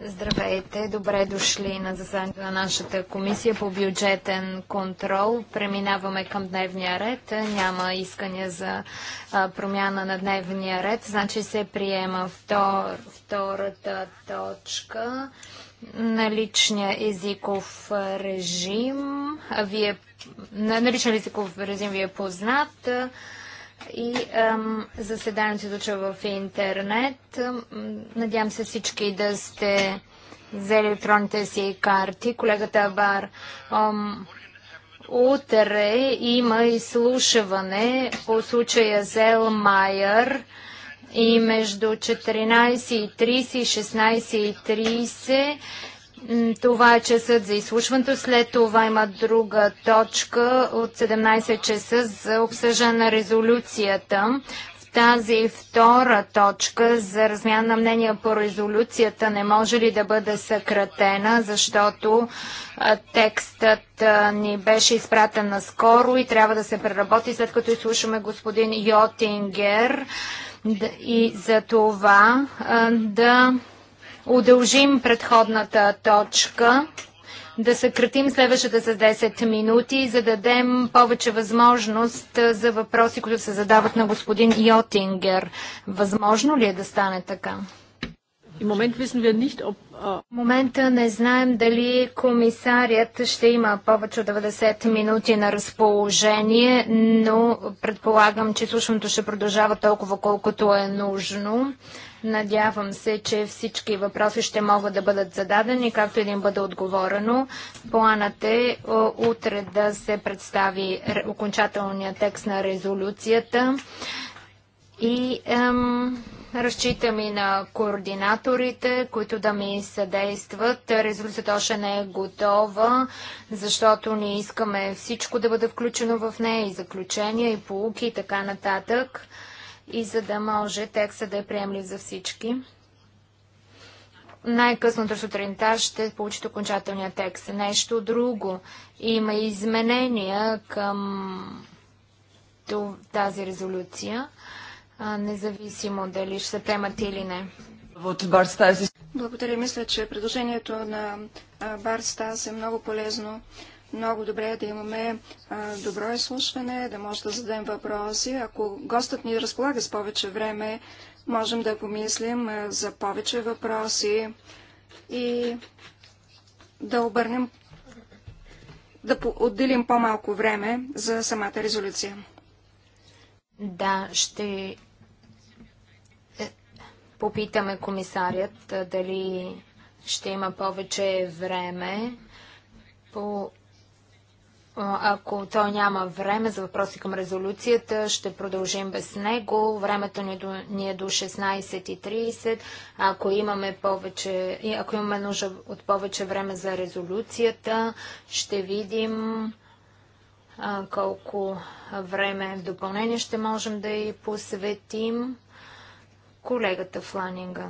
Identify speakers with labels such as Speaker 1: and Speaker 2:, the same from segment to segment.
Speaker 1: Здравейте, добре дошли на заседанието на нашата комисия по бюджетен контрол. Преминаваме към дневния ред. Няма искания за промяна на дневния ред. Значи се приема втор, втората точка наличния езиков режим. Вие, наличен езиков режим ви е познат и ам, заседанието се излъчва в интернет. Надявам се всички да сте за електронните си карти. Колегата Абар ам, утре има изслушване по случая Зел Майер и между 14.30 и 16.30 това е часът за изслушването. След това има друга точка от 17 часа за обсъждане на резолюцията. В тази втора точка за размяна на мнения по резолюцията не може ли да бъде съкратена, защото текстът ни беше изпратен наскоро и трябва да се преработи, след като изслушаме господин Йотингер и за това да удължим предходната точка, да съкратим следващата за 10 минути и за да дадем повече възможност за въпроси, които се задават на господин Йотингер. Възможно ли е да стане така? В момента не знаем дали комисарият ще има повече от 90 минути на разположение, но предполагам, че слушането ще продължава толкова колкото е нужно. Надявам се, че всички въпроси ще могат да бъдат зададени, както и да им бъде отговорено. Планът е утре да се представи окончателният текст на резолюцията и ем, разчитам и на координаторите, които да ми съдействат. Резолюцията още не е готова, защото ние искаме всичко да бъде включено в нея, и заключения, и полуки, и така нататък и за да може текста да е приемлив за всички. най късното сутринта ще получите окончателния текст. Нещо друго. Има изменения към тази резолюция, независимо дали ще се приемат или не.
Speaker 2: Благодаря. Мисля, че предложението на Барстас е много полезно. Много добре е да имаме а, добро изслушване, да може да зададем въпроси. Ако гостът ни разполага с повече време, можем да помислим а, за повече въпроси и да обърнем, да отделим по-малко време за самата резолюция. Да, ще е, попитаме комисарият
Speaker 1: дали ще има повече време по ако той няма време за въпроси към резолюцията, ще продължим без него. Времето ни, е до, ни е до 16.30. Ако имаме, повече, ако имаме нужда от повече време за резолюцията, ще видим а, колко време в допълнение ще можем да и посветим колегата Фланинга.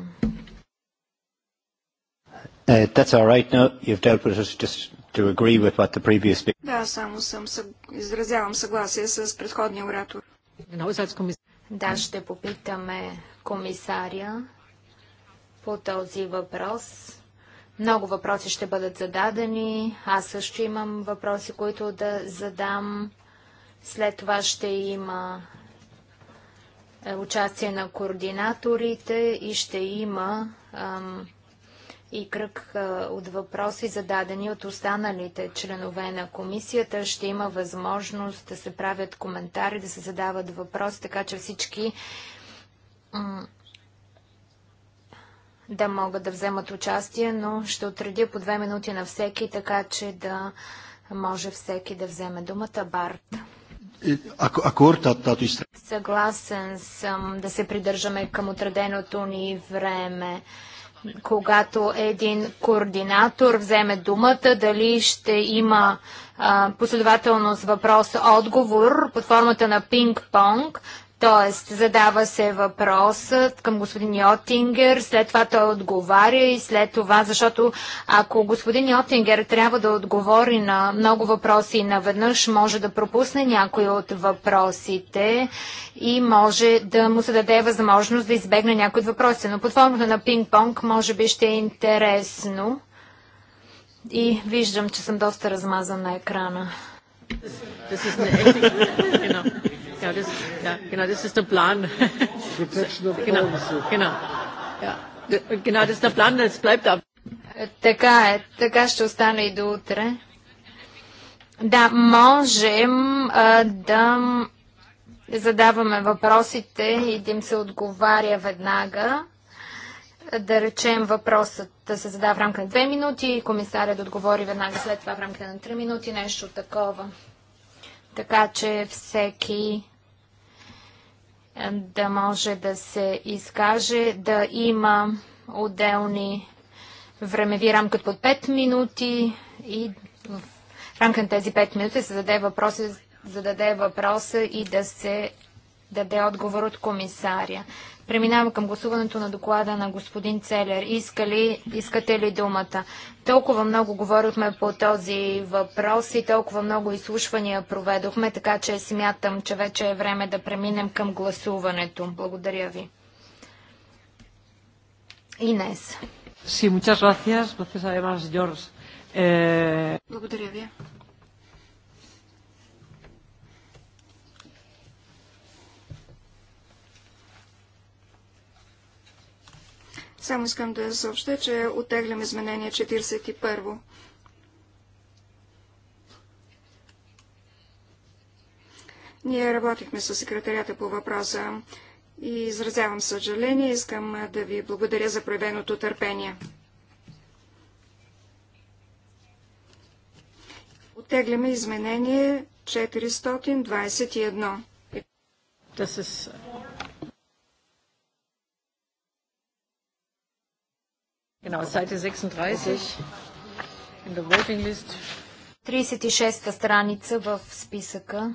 Speaker 3: Uh, that's all right. No, you've dealt with us just to agree with what the previous...
Speaker 2: Да, само съм изразявам съгласие с предходния оратор. Да, ще попитаме комисаря по
Speaker 1: този въпрос. Много въпроси ще бъдат зададени. Аз също имам въпроси, които да задам. След това ще има е, участие на координаторите и ще има ам, и кръг от въпроси, зададени от останалите членове на комисията. Ще има възможност да се правят коментари, да се задават въпроси, така че всички да могат да вземат участие, но ще отредя по две минути на всеки, така че да може всеки да вземе думата. Барт. Съгласен съм да се придържаме към отреденото ни време когато един координатор вземе думата, дали ще има последователност въпрос-отговор под формата на пинг-понг, Тоест, задава се въпросът към господин Йотингер, след това той отговаря и след това, защото ако господин Йотингер трябва да отговори на много въпроси и наведнъж, може да пропусне някой от въпросите и може да му се даде възможност да избегне някои от въпросите. Но под формата на пинг-понг може би ще е интересно. И виждам, че съм доста размазан на екрана.
Speaker 3: This is, this is Genau, das, ja, genau, das ist der Plan. genau, genau. Ja. Genau, das ist der Plan, das bleibt ab.
Speaker 1: Така е, така ще остане и до утре. Да, можем а, да задаваме въпросите и да им се отговаря веднага. Да речем въпросът да се задава в рамка на 2 минути, и комисарят да отговори веднага след това в рамка на 3 минути, нещо такова. Така че всеки да може да се изкаже, да има отделни времеви рамка от 5 минути и в рамка на тези 5 минути се зададе въпроса, зададе въпроса и да се даде отговор от комисаря. Преминавам към гласуването на доклада на господин Целер. Иска ли, искате ли думата? Толкова много говорихме по този въпрос и толкова много изслушвания проведохме, така че смятам, че вече е време да преминем към гласуването. Благодаря ви. Инес.
Speaker 2: Благодаря ви. Само искам да съобща, че оттеглям изменение 41. Ние работихме с секретарията по въпроса и изразявам съжаление. Искам да ви благодаря за проявеното търпение. Оттегляме изменение 421.
Speaker 1: Genau, Seite 36 in the voting list. 36-та страница в списъка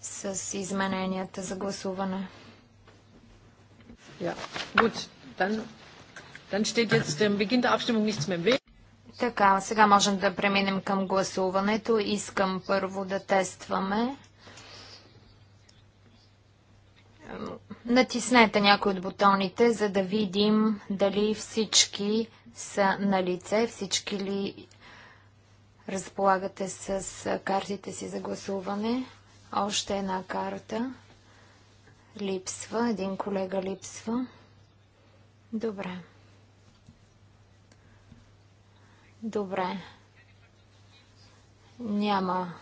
Speaker 1: с измененията за гласуване. Ja, gut, dann, dann steht jetzt ähm, Beginn der Abstimmung nichts mehr im Weg. Така, сега можем да преминем към гласуването. Искам първо да тестваме Натиснете някой от бутоните, за да видим дали всички са на лице, всички ли разполагате с картите си за гласуване. Още една карта липсва, един колега липсва. Добре. Добре. Няма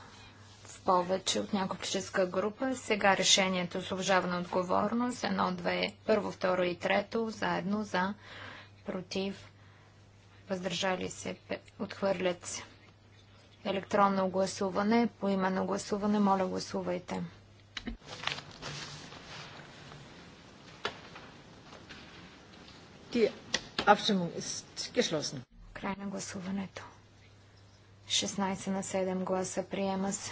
Speaker 1: повече от някоя политическа група. Сега решението освобождаване отговорност. Едно, две, първо, второ и трето, заедно за, против, въздържали се, отхвърлят се. Електронно гласуване, поименно гласуване, моля гласувайте. Ти Abstimmung ist geschlossen. Край на гласуването. 16 на 7 гласа приема се.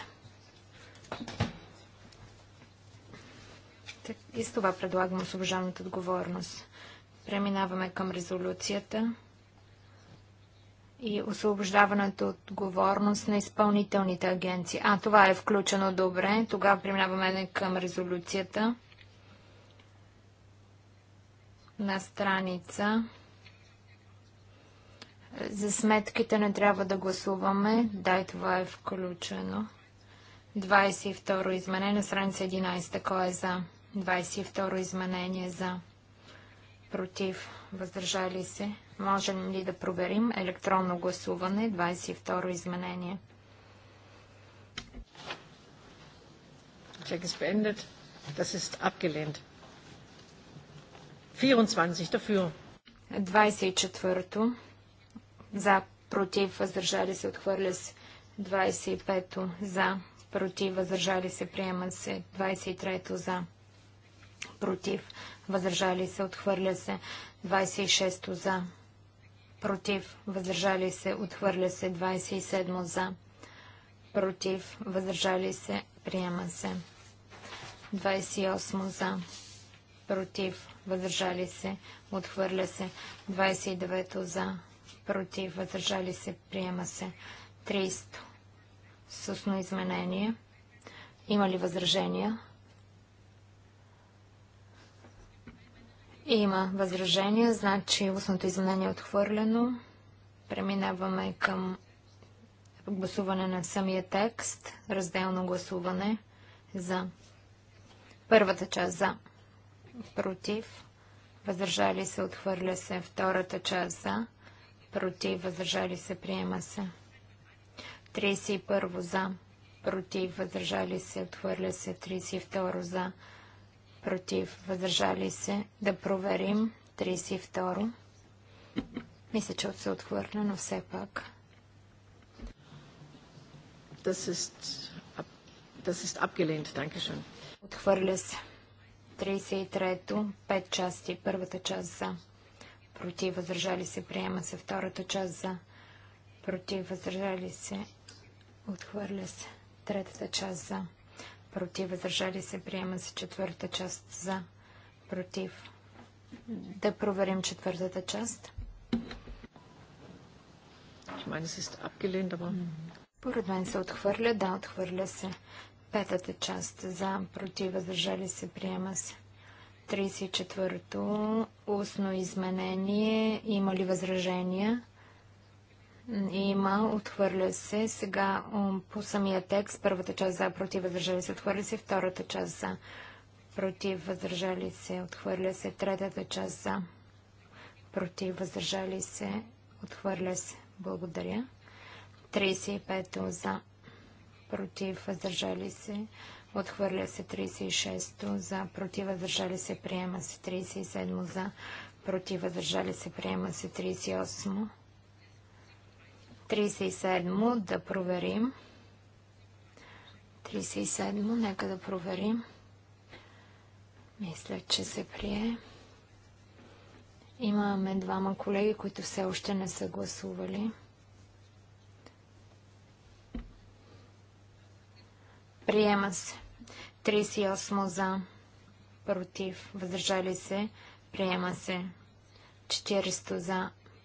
Speaker 1: И с това предлагам освобождаваната отговорност. Преминаваме към резолюцията и освобождаването от отговорност на изпълнителните агенции. А, това е включено добре. Тогава преминаваме към резолюцията на страница. За сметките не трябва да гласуваме. Дай, това е включено. 22 изменение, страница 11. Кой е за? 22 изменение за. Против. Въздържали се. Можем ли да проверим електронно гласуване? 22 изменение. Check is beendet. Das ist abgelehnt. 24 dafür. 24 За. Против. Въздържали се. Отхвърля се. 25 то За против, въздържали се, приема се. 23 за, против, въздържали се, отхвърля се. 26 за, против, въздържали се, отхвърля се. 27 за, против, въздържали се, приема се. 28 за, против, въздържали се, отхвърля се. 29 за, против, въздържали се, приема се. 30 същно изменение. Има ли възражения? Има възражение, значи устното изменение е отхвърлено. Преминаваме към гласуване на самия текст, разделно гласуване за първата част за против, въздържали се, отхвърля се, втората част за против, въздържали се, приема се. 31 за, против, въздържали се, отхвърля се. 32 за, против, въздържали се. Да проверим. 32. Мисля, че от се отхвърля, но все пак. Das ist, das ist abgelehnt. Отхвърля се. 33-то, 5 части. Първата част за. Против, въздържали се, приема се. Втората част за. Против, въздържали се, Отхвърля се. Третата част за. Против. Въздържали се. Приема се. Четвърта част за. Против. Да проверим четвъртата част. Поред мен се отхвърля. Да, отхвърля се. Петата част за. Против. Въздържали се. Приема се. 34-то устно изменение. Има ли възражения? Има, отхвърля се. Сега по самия текст, първата част за, против, въздържали се, отхвърля се. Втората част за, против, въздържали се, отхвърля се. Третата част за, против, въздържали се, отхвърля се. Благодаря. 35 за, против, въздържали се, отхвърля се. 36 за, против, въздържали се, приема се. 37 за, против, въздържали се, приема се. 38 37 да проверим. 37 нека да проверим. Мисля, че се прие. Имаме двама колеги, които все още не са гласували. Приема се. 38 за. Против. Въздържали се. Приема се. 400 за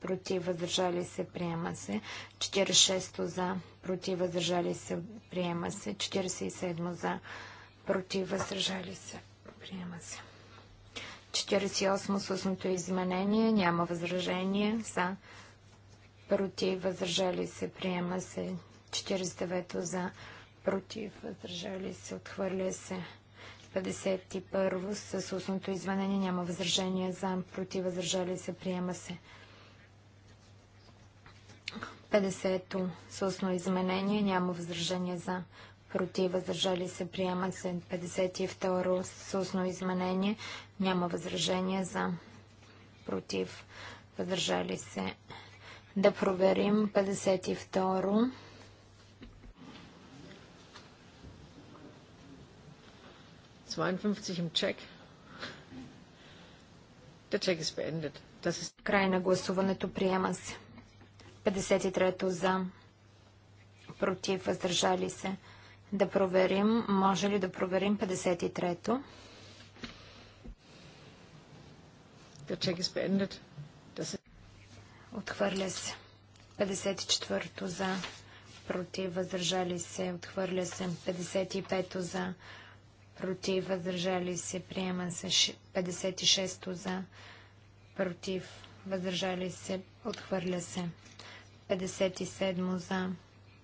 Speaker 1: против, въздържали се, приема се. 46 за, против, въздържали се, приема се. 47 за, против, въздържали се, приема се. 48 с устното изменение, няма възражение, за, против, въздържали се, приема се. 49 за, против, въздържали се, отхвърля се. 51 с устното изменение няма възражение за, против, въздържали се, приема се. 50-то сусно изменение. Няма възражение за против, въздържали се, приема се 52-ро съсно изменение. Няма възражение за против, въздържали се. Да проверим 52-ро. Край на гласуването приема се. 53-то за, против, въздържали се. Да проверим, може ли да проверим 53-то? Отхвърля се. 54-то за, против, въздържали се. Отхвърля се. 55-то за, против, въздържали се. Приема се 56-то за, против, въздържали се. Отхвърля се. 57 за,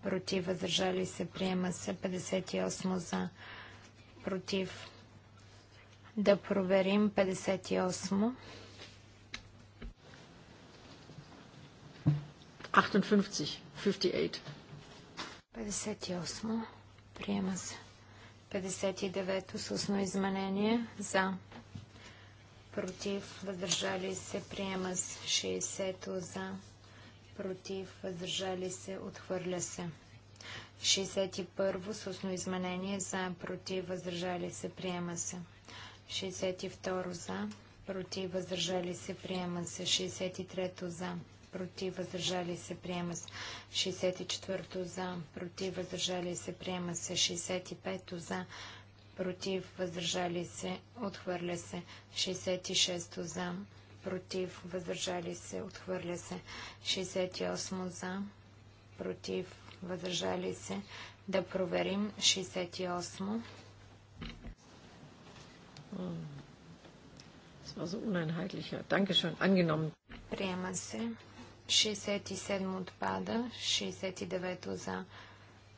Speaker 1: против, въздържали се, приема се. 58 за, против. Да проверим 58. 58. 58. 58. Приема се. 59. С устно изменение. За. Против. Въздържали се. Приема се. 60. За против, въздържали се, отхвърля се. 61 с устно изменение за, против, въздържали се, приема се. 62 за, против, въздържали се, приема се. 63 за, против, въздържали се, приема се. 64 за, против, въздържали се, приема се. 65 за, против, въздържали се, отхвърля се. 66 за, против, въздържали се, отхвърля се. 68 за, против, въздържали се. Да проверим 68.
Speaker 3: Das war
Speaker 1: Приема се. 67 отпада, 69 за,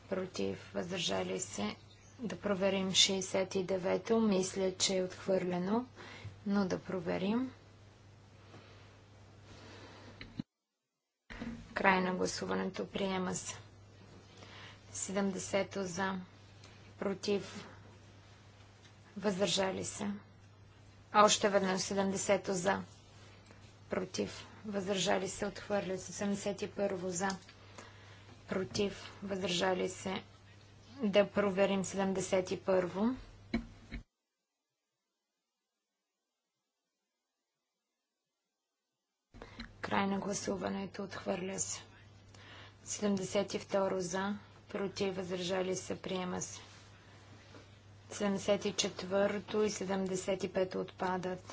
Speaker 1: против, въздържали се. Да проверим 69-то. Мисля, че е отхвърлено, но да проверим. Край на гласуването. Приема се. 70 за. Против. Въздържали се. Още веднъж 70 за. Против. Въздържали се. Отхвърля се. 71 за. Против. Въздържали се. Да проверим 71. Край на гласуването. Отхвърля се. 72 за. Против. Въздържали се. Приема се. 74 и 75 отпадат.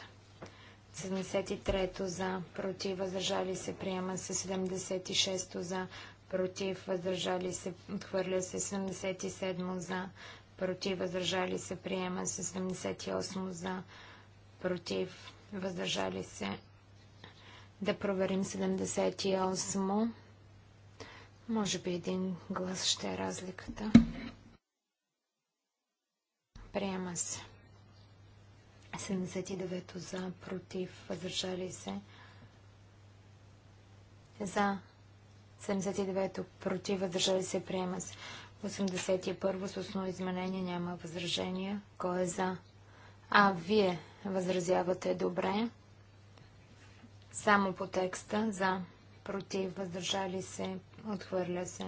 Speaker 1: 73 за. Против. Въздържали се. Приема се. 76 за. Против. Въздържали се. Отхвърля се. 77 за. Против. Въздържали се. Приема се. 78 за. Против. Въздържали се. Да проверим 78. Може би един глас ще е разликата. Приема се. 79 за, против, въздържали се. За 79 против, въздържали се, приема се. 81 с основно изменение няма възражения. Кой е за? А, вие възразявате добре. Само по текста за, против, въздържали се, отхвърля се.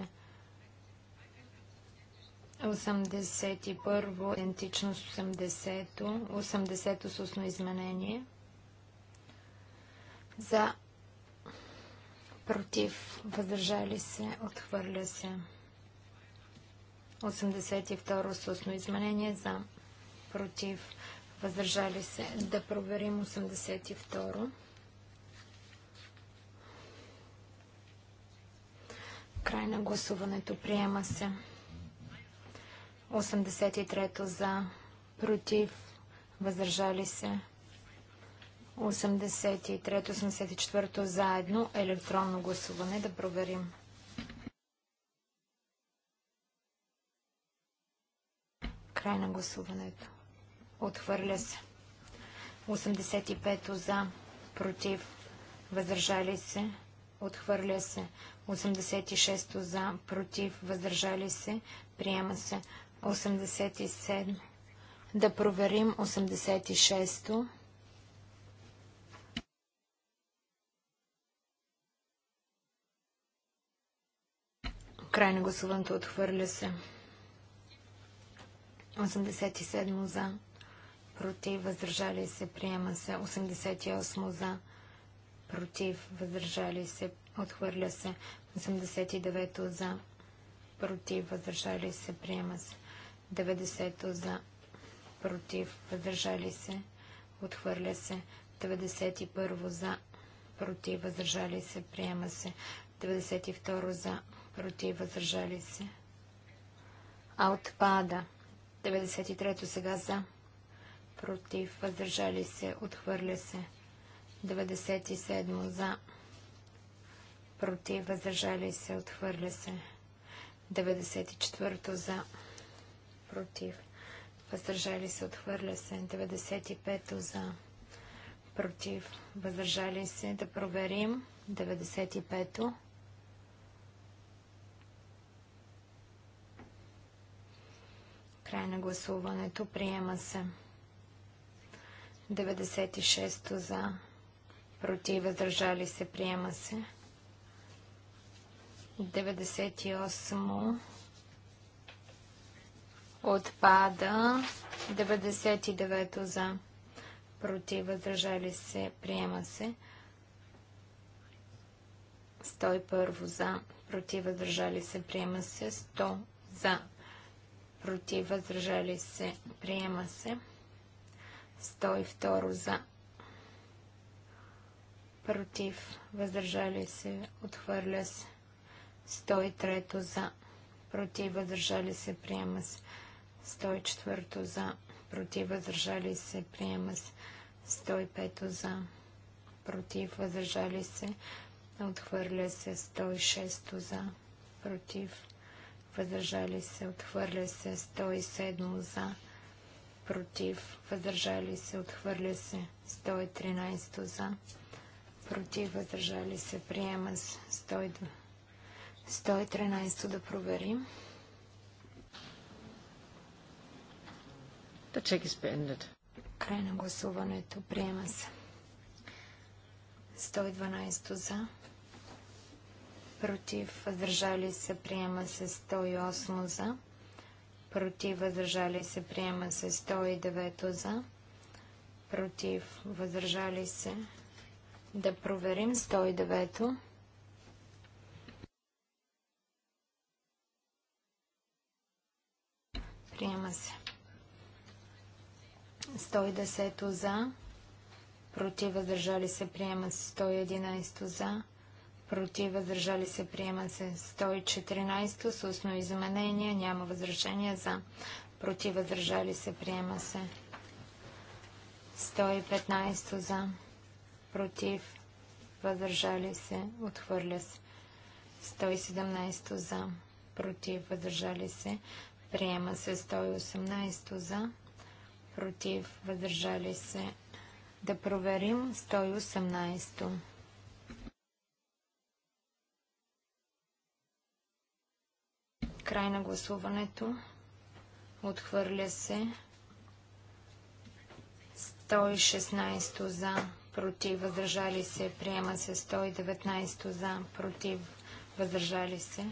Speaker 1: 81-во, идентично с 80-то, 80-то с устно изменение. За, против, въздържали се, отхвърля се. 82-ро с устно изменение за, против, въздържали се. Да проверим 82-ро. Край на гласуването. Приема се. 83-то за. Против. Въздържали се. 83-то, 84-то заедно. Електронно гласуване. Да проверим. Край на гласуването. Отхвърля се. 85-то за. Против. Въздържали се. Отхвърля се. 86 за, против, въздържали се, приема се. 87. Да проверим 86-то. Край на гласуването отхвърля се. 87 за, против, въздържали се, приема се. 88 за, против, въздържали се, Отхвърля се. 89-то за. Против. Въздържали се. Приема се. 90-то за. Против. Въздържали се. Отхвърля се. 91 за. Против. Въздържали се. Приема се. 92 за. Против. Въздържали се. А отпада. 93-то сега за. Против. Въздържали се. Отхвърля се. 97 за против, въздържали се, отхвърля се. 94-то за, против, въздържали се, отхвърля се. 95-то за, против, въздържали се. Да проверим. 95-то. Край на гласуването. Приема се. 96-то за, против, въздържали се. Приема се. 98 отпада. 99 за против, въздържали се, приема се. 101 за против, въздържали се, приема се. 100 за против, въздържали се, приема се. 102 за против, въздържали се, отхвърля се. 103 за, против, въздържали се, приема се. 104 за, против, въздържали се, приема се. 105 за, против, въздържали се, отхвърля се. 106 за, против, въздържали се, отхвърля се. 107 за, против, въздържали се, отхвърля се. 113 за, против, въздържали се, приема се. 102 113 да проверим.
Speaker 3: The check is ended.
Speaker 1: Край на гласуването. Приема се. 112 за. Против. Въздържали се. Приема се. 108 за. Против. Въздържали се. Приема се. 109 за. Против. Въздържали се. Да проверим. 109. Приема се. 110 за. Против въздържали се. Приема се. 111 за. Против въздържали се. Приема се. 114 с устно изменение. Няма възражения за. Против въздържали се. Приема се. 115 за. Против въздържали се. Отхвърля се. 117 за. Против въздържали се. Приема се 118 за. Против. Въздържали се. Да проверим 118. Край на гласуването. Отхвърля се. 116 за. Против. Въздържали се. Приема се 119 за. Против. Въздържали се.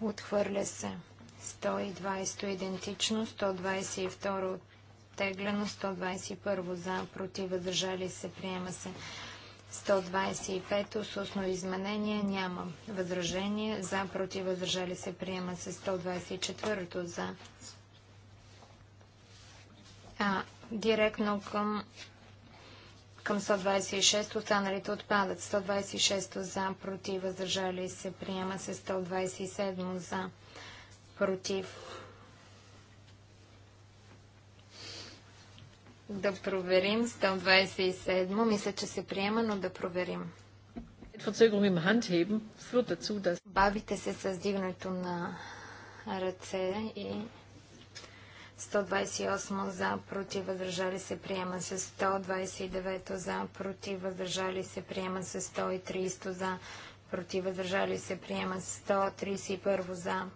Speaker 1: Отхвърля се. 120 идентично, 122 оттеглено, 121 за, против, въздържали се, приема се. 125 с устно изменение няма. Възражение за, против, въздържали се, приема се. 124 за. А, директно към към 126, останалите отпадат. 126 за, против, въздържали се, приема се. 127 за Против. Да проверим. 127. Мисля, че се приема, но да проверим. Бавите се с дигането на ръце и 128 за, против, въздържали се, приема се 129 за, против, въздържали се, приема се 130 за, против, въздържали се, приема се 131 за,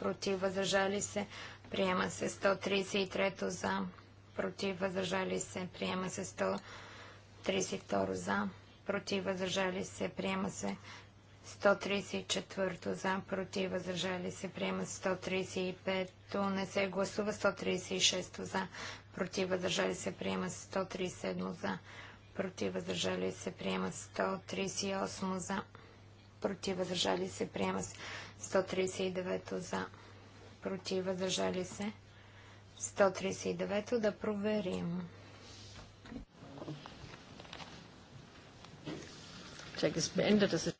Speaker 1: против, въздържали се, приема се 133 за, против, въздържали се, приема се 132 за, против, въздържали се, приема се 134 за, против, въздържали се, приема 135, то не се гласува 136 за, против, въздържали се, приема се, 137 за, против, въздържали се, приема 138 за, против, въздържали се, приема се. 139 за, против, въздържали се. 139 то да проверим.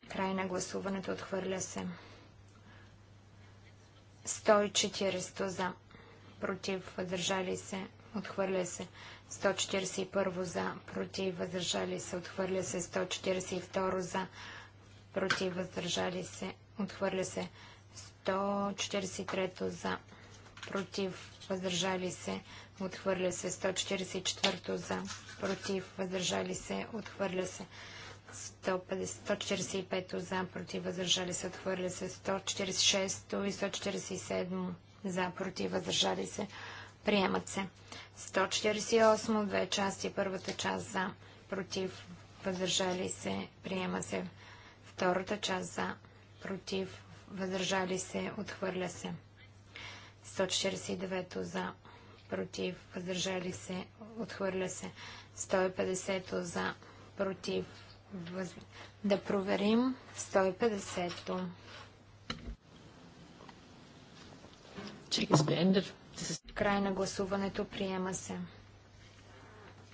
Speaker 1: Край на гласуването отхвърля се. 140 за, против, въздържали се, отхвърля се. 141 за, против, въздържали се, отхвърля се. 142 за, против, въздържали се, отхвърля се. 143 за, против, въздържали се, отхвърля се. 144 за, против, въздържали се, отхвърля се. 145 за, против, въздържали се, отхвърля се. 146 и 147 за, против, въздържали се, приемат се. 148, две части, първата част за, против, въздържали се, приема се. Втората част за, против, въздържали се, отхвърля се. 149 за, против, въздържали се, отхвърля се. 150 за, против, въз... да проверим 150-то. Край на гласуването приема се.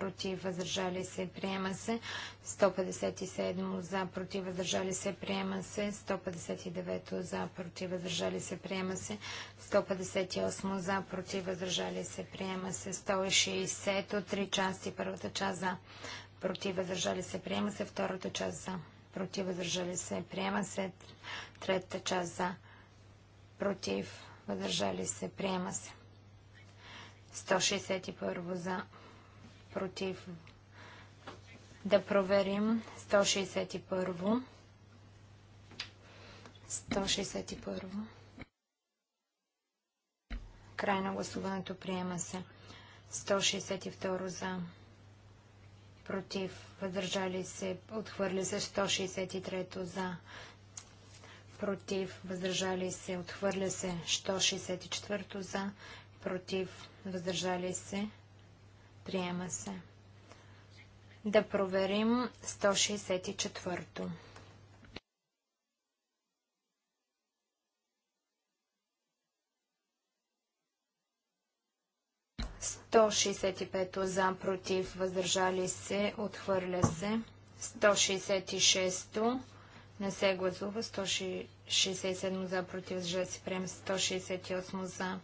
Speaker 1: против, въздържали се, приема се. 157 за, против, въздържали се, приема се. 159 за, против, въздържали се, приема се. 158 за, против, въздържали се, приема се. 160 от 3 части, първата част за, против, въздържали се, приема се. Втората част за, против, въздържали се, приема се. Третата част за, против, въздържали се, приема се. 161 за, против. Да проверим 161. 161. Край на гласуването приема се. 162 за. Против. Въздържали се. Отхвърли се. 163 за. Против. Въздържали се. Отхвърля се. 164 за. Против. Въздържали се. Приема се. Да проверим 164-то. Сто шестдесет пето за, против, въздържали се, отхвърля се. 166 шесто не се гласува. 167 за, против, въздържали се, и 168 за,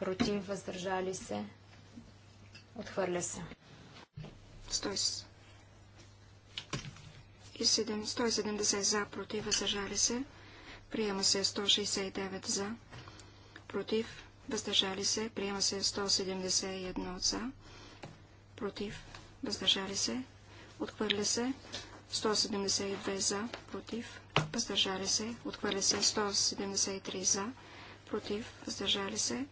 Speaker 1: против, въздържали се, Отхвърля се.
Speaker 2: 100. И 170 за, против, въздържали се. Приема се 169 за, против, въздържали се. Приема се 171 за, против, въздържали се. Отхвърля се 172 за, против, въздържали се. Отхвърля се 173 за, против, въздържали се.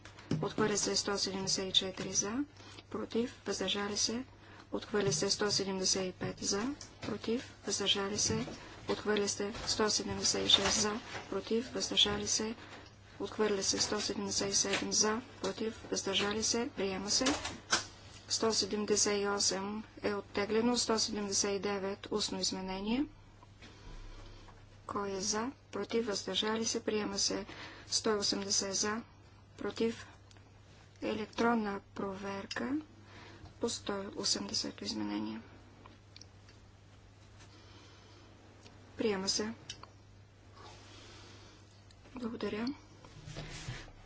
Speaker 2: Отхвърля се 174 за, против, въздържали се. Отхвърля се 175 за, против, въздържали се. Отхвърля се 176 за, против, въздържали се. Отхвърля се 177 за, против, въздържали се. Приема се. 178 е оттеглено, 179 устно изменение. Кой е за? Против, въздържали се, приема се 180 за, против, електронна проверка по 180 изменения. Приема се. Благодаря.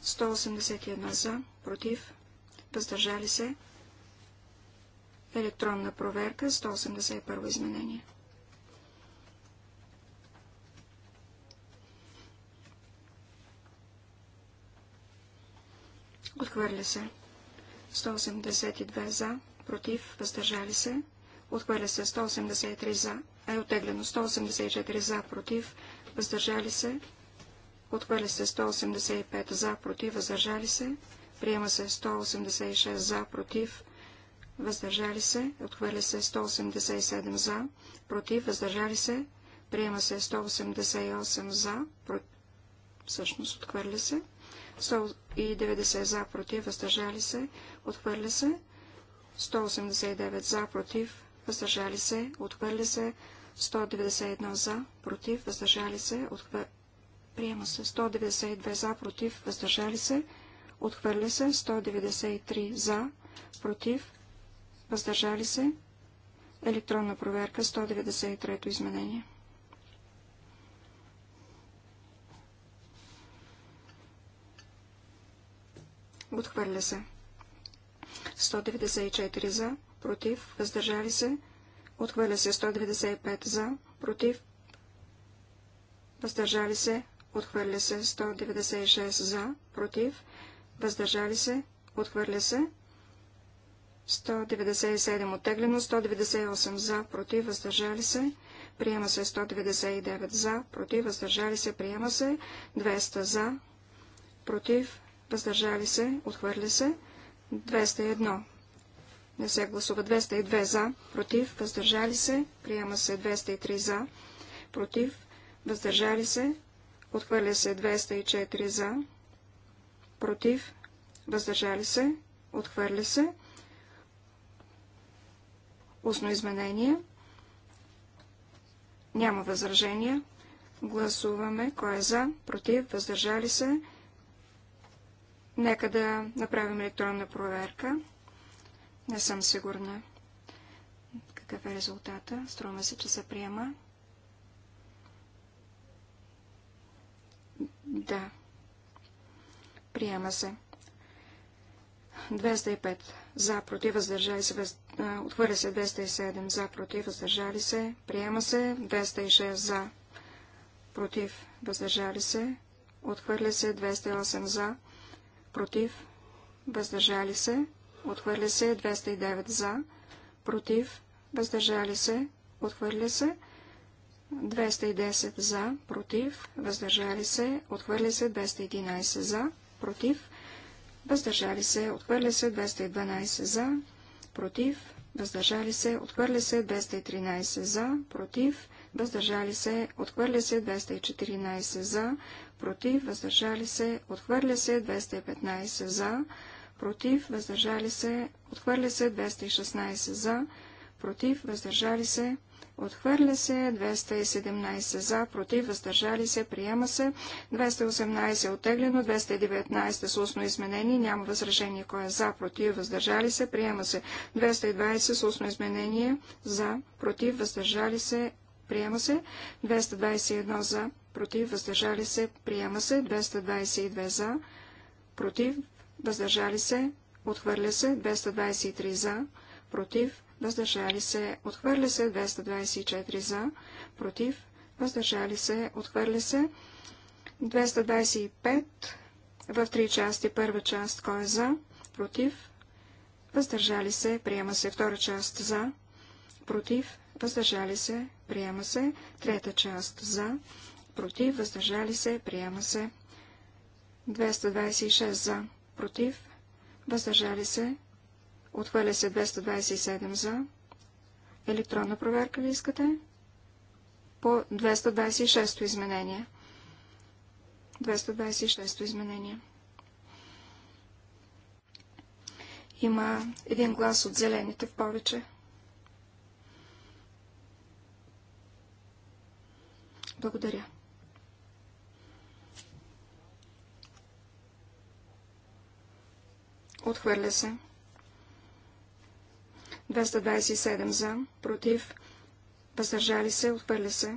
Speaker 2: 181 за, против, въздържали се. Електронна проверка, 181 изменение. Отхвърля се. 182 за, против, въздържали се. Отхвърля се 183 за, е отеглено 184 за, против, въздържали се. Отхвърля се 185 за, против, въздържали се. Приема се 186 за, против, въздържали се. Отхвърля се 187 за, против, въздържали се. Приема се 188 за, против, всъщност отхвърля се. 190 за, против, въздържали се, отхвърля се. 189 за, против, въздържали се, отхвърля се. 191 за, против, въздържали се, отхвърли Приема се 192 за, против, въздържали се, отхвърля се 193 за, против, въздържали се, електронна проверка 193 изменение. Отхвърля се. 194 за, против, въздържали се. Отхвърля се 195 за, против, въздържали се. Отхвърля се 196 за, против, въздържали се. Отхвърля се. 197 оттеглено, 198 за, против, въздържали се. Приема се 199 за, против, въздържали се. Приема се 200 за, против, въздържали се, отхвърля се. 201. Не се гласува 202 за, против, въздържали се, приема се 203 за, против, въздържали се, отхвърля се 204 за, против, въздържали се, отхвърля се. Устно изменение. Няма възражения. Гласуваме кой е за, против, въздържали се, Нека да направим електронна проверка. Не съм сигурна какъв е резултата. Струваме се, че се приема. Да. Приема се. 205 за, против, въздържали се, въз... отхвърля се 207 за, против, въздържали се, приема се 206 за, против, въздържали се, отхвърля се 208 за, против, въздържали се, отхвърля се 209 за, против, въздържали се, отхвърля се 210 за, против, въздържали се, отхвърля се 211 за, против, въздържали се, отхвърля се 212 за, против, въздържали се, отхвърля се 213 за, против, въздържали се, отхвърля се 214 за, против, въздържали се, отхвърля се 215 за, против, въздържали се, отхвърля се 216 за, против, въздържали се, отхвърля се 217 за, против, въздържали се, приема се 218 отеглено, 219 с устно изменение, няма възражение, кой е за, против, въздържали се, приема се 220 с устно изменение, за, против, въздържали се, приема се. 221 за, против, въздържали се, приема се. 222 за, против, въздържали се, отхвърля се. 223 за, против, въздържали се, отхвърля се. 224 за, против, въздържали се, отхвърля се. 225 в три части. Първа част, кой е за, против, въздържали се, приема се. Втора част за, против, въздържали се, приема се. Трета част за, против, въздържали се, приема се. 226 за, против, въздържали се, отхвърля се 227 за. Електронна проверка ли искате? По 226-то изменение. 226-то изменение. Има един глас от зелените в повече. Благодаря. Отхвърля се. 227 за, против, въздържали се, отхвърля се.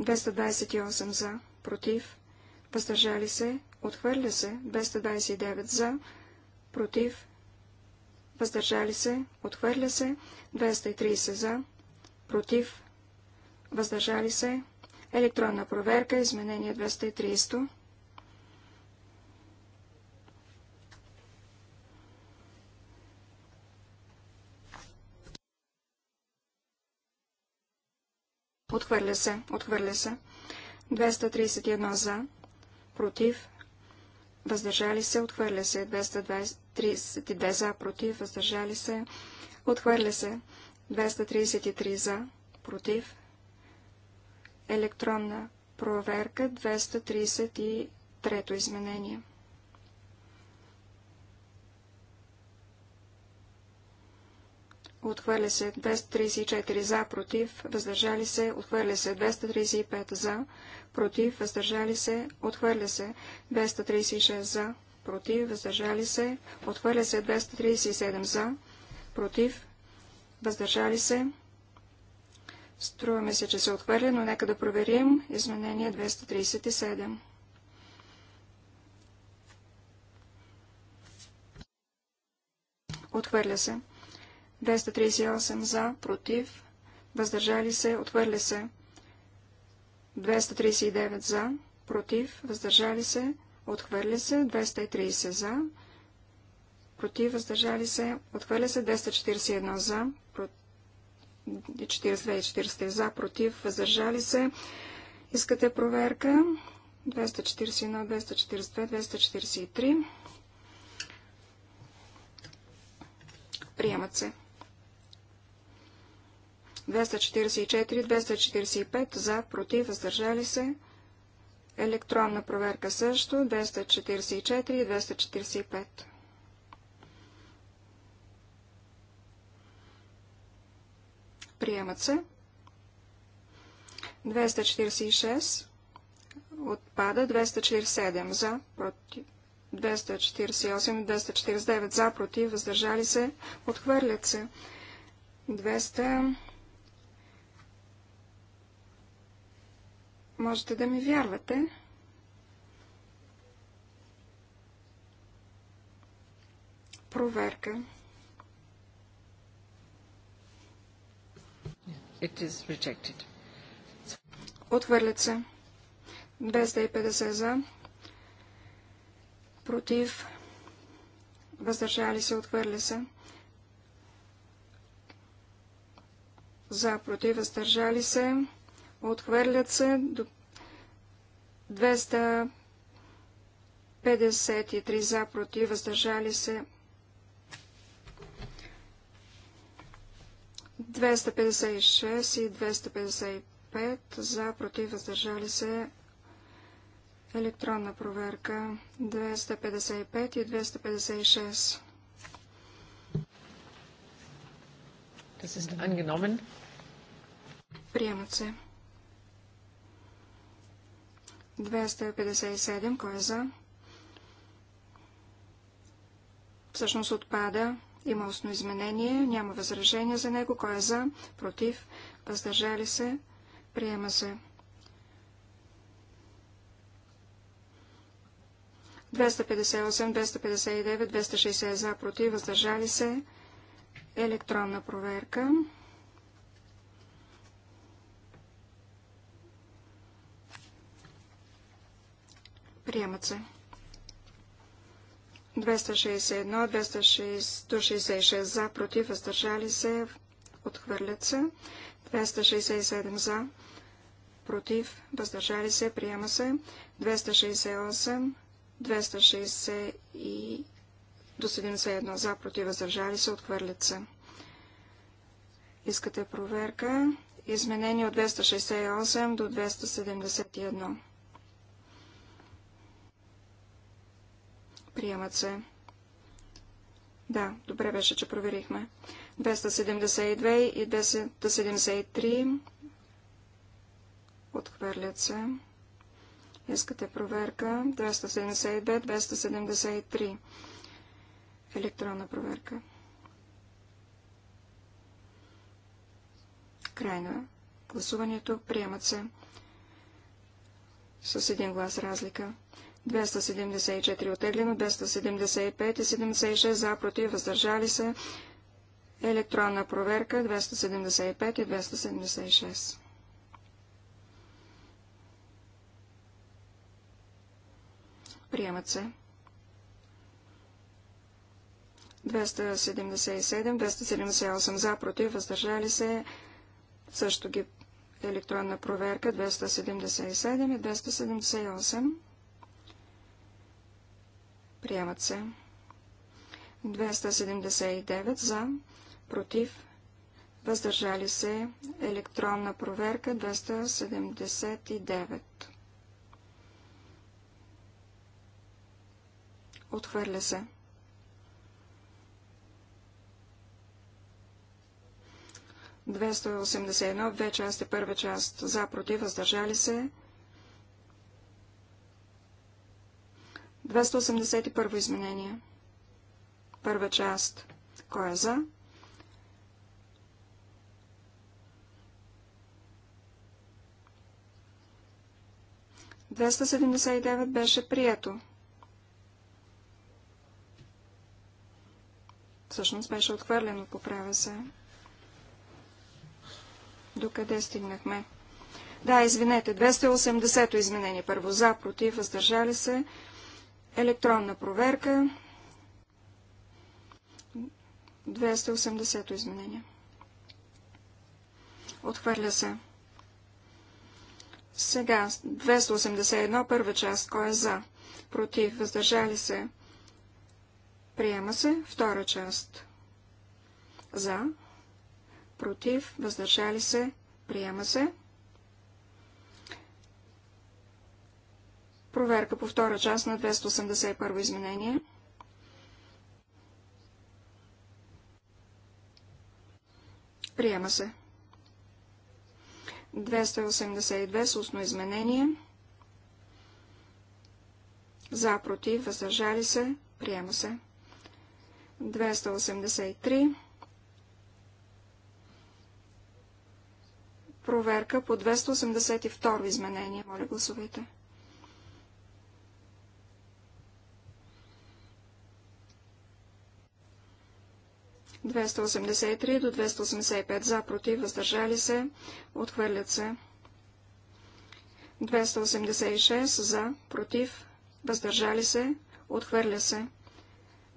Speaker 2: 228 за, против, въздържали се, отхвърля се. 229 за, против, въздържали се, отхвърля се. 230 за, против, въздържали се, Електронна проверка, изменение 230. Отхвърля се, отхвърля се. 231 за, против, въздържали се, отхвърля се. 232 за, против, въздържали се, отхвърля се. 233 за, против, електронна проверка 233 изменение. Отхвърля се 234 за, против, въздържали се, отхвърля се 235 за, против, въздържали се, отхвърля се 236 за, против, въздържали се, отхвърля се 237 за, против, въздържали се, Струва ми се, че се отхвърля, но нека да проверим изменение 237. Отхвърля се. 238 за, против, въздържали се, отхвърля се. 239 за, против, въздържали се, отхвърля се. 230 за, против, въздържали се, отхвърля се. 241 за, 240 за, против, въздържали се. Искате проверка? 241, 242, 243. Приемат се. 244, 245 за, против, въздържали се. Електронна проверка също. 244 245. Приемат се. 246. Отпада. 247 за. Против. 248, 249 за, против, въздържали се, отхвърлят се. 200... Можете да ми вярвате. Проверка. It is rejected. Отвърлят се. 250 за. Против. Въздържали се. Отвърля се. За. Против. Въздържали се. Отхвърлят се. 253 за. Против. Въздържали се. 256 и 255 за, против, въздържали се. Електронна проверка 255 и 256.
Speaker 3: Das ist angenommen.
Speaker 2: Приемат се. 257, кой е за? Всъщност отпада. Има устно изменение, няма възражение за него. Кой е за? Против? Въздържали се? Приема се. 258, 259, 260 за, против, въздържали се. Електронна проверка. Приемат се. 261, 266 за, против, въздържали се, отхвърлят се. 267 за, против, въздържали се, приема се. 268, 260 и до 71 за, против, въздържали се, отхвърлят се. Искате проверка. Изменение от 268 до 271. Приемат се. Да, добре беше, че проверихме. 272 и 273 отхвърлят се. Искате проверка. 272, 273. Електронна проверка. Край на гласуването. Приемат се с един глас разлика. 274 отеглено, 275 и 76 за, против, въздържали се. Електронна проверка 275 и 276. Приемат се. 277, 278 за, против, въздържали се. Също ги електронна проверка 277 и 278. Приемат се. 279 за, против, въздържали се, електронна проверка 279. Отхвърля се. Двеста две части, първа част за, против, въздържали се, 281 изменение. Първа част. Кой е за? Двеста беше прието. Всъщност беше отхвърлено, поправя се. Докъде стигнахме? Да, извинете, 280-то изменение. Първо за, против, въздържали се, Електронна проверка. 280 изменение. Отхвърля се. Сега, 281, първа част, кой е за? Против, въздържали се. Приема се, втора част. За, против, въздържали се, приема се. Проверка по втора част на 281 изменение. Приема се. 282 сусно изменение. За, против, въздържали се. Приема се. 283. Проверка по 282 изменение. Моля, гласувайте. 283. 283 до 285 за, против, въздържали се, отхвърлят се. 286 за, против, въздържали се, отхвърля се.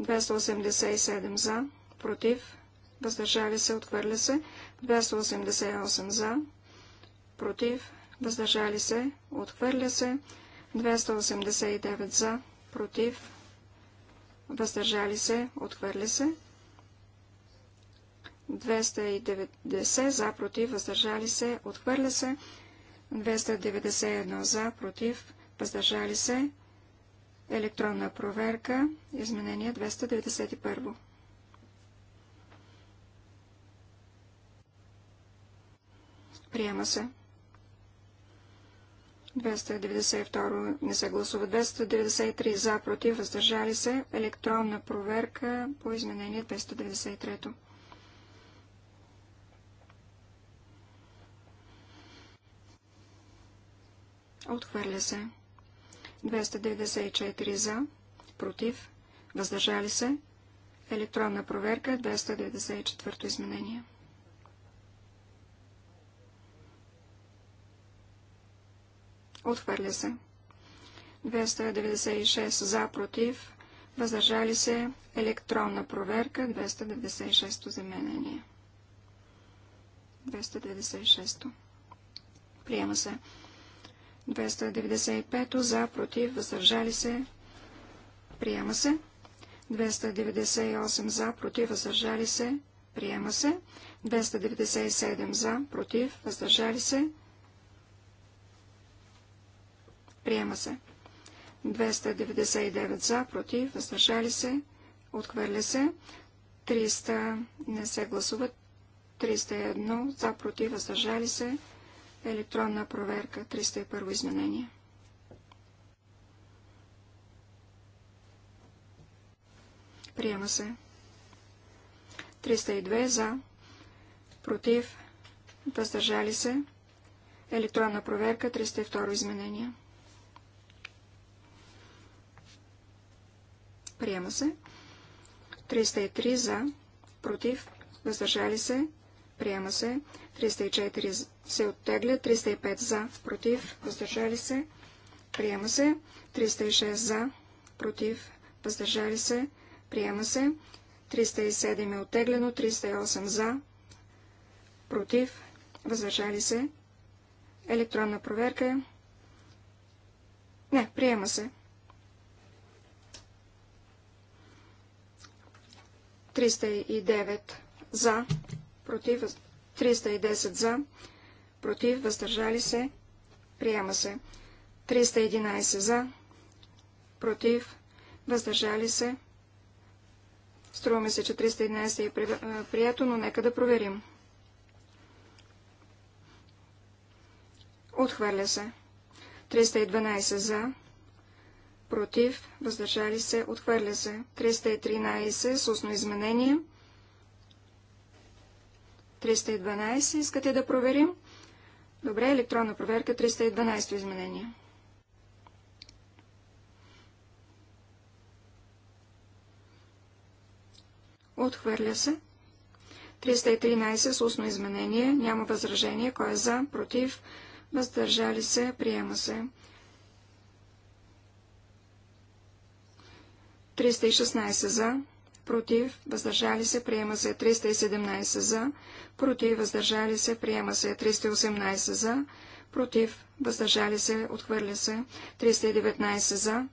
Speaker 2: 287 за, против, въздържали се, отхвърля се. 288 за, против, въздържали се, отхвърля се. 289 за, против, въздържали се, отхвърля се. 290 за, против, въздържали се, отхвърля се. 291 за, против, въздържали се. Електронна проверка. Изменение 291. Приема се. 292 не се гласува. 293 за, против, въздържали се. Електронна проверка по изменение 293. Отхвърля се. 294 за. Против. Въздържали се. Електронна проверка. 294 изменение. Отхвърля се. 296 за. Против. Въздържали се. Електронна проверка. 296 заменение. 296. то Приема се. 295 за, против, въздържали се, приема се. 298 за, против, въздържали се, приема се. 297 за, против, въздържали се, приема се. 299 за, против, въздържали се, отхвърля се. 300 не се гласуват. 301 за, против, въздържали се, електронна проверка, 301 изменение. Приема се. 302 за, против, въздържали се, електронна проверка, 302 изменение. Приема се. 303 за, против, въздържали се, приема се. 304 се оттегля, 305 за, против, въздържали се, приема се. 306 за, против, въздържали се, приема се. 307 е оттеглено, 308 за, против, въздържали се. Електронна проверка. Е. Не, приема се. 309 за, против, 310 за, против, въздържали се, приема се. 311 за, против, въздържали се. Струваме се, че 311 е прието, но нека да проверим. Отхвърля се. 312 за, против, въздържали се, отхвърля се. 313 с устно изменение. 312. Искате да проверим? Добре, електронна проверка 312 изменение. Отхвърля се. 313 с устно изменение. Няма възражение. Кой е за? Против? Въздържали се? Приема се. 316 за против, въздържали се, приема се 317 за, против, въздържали се, приема се 318 за, против, въздържали се, отхвърля се 319 за,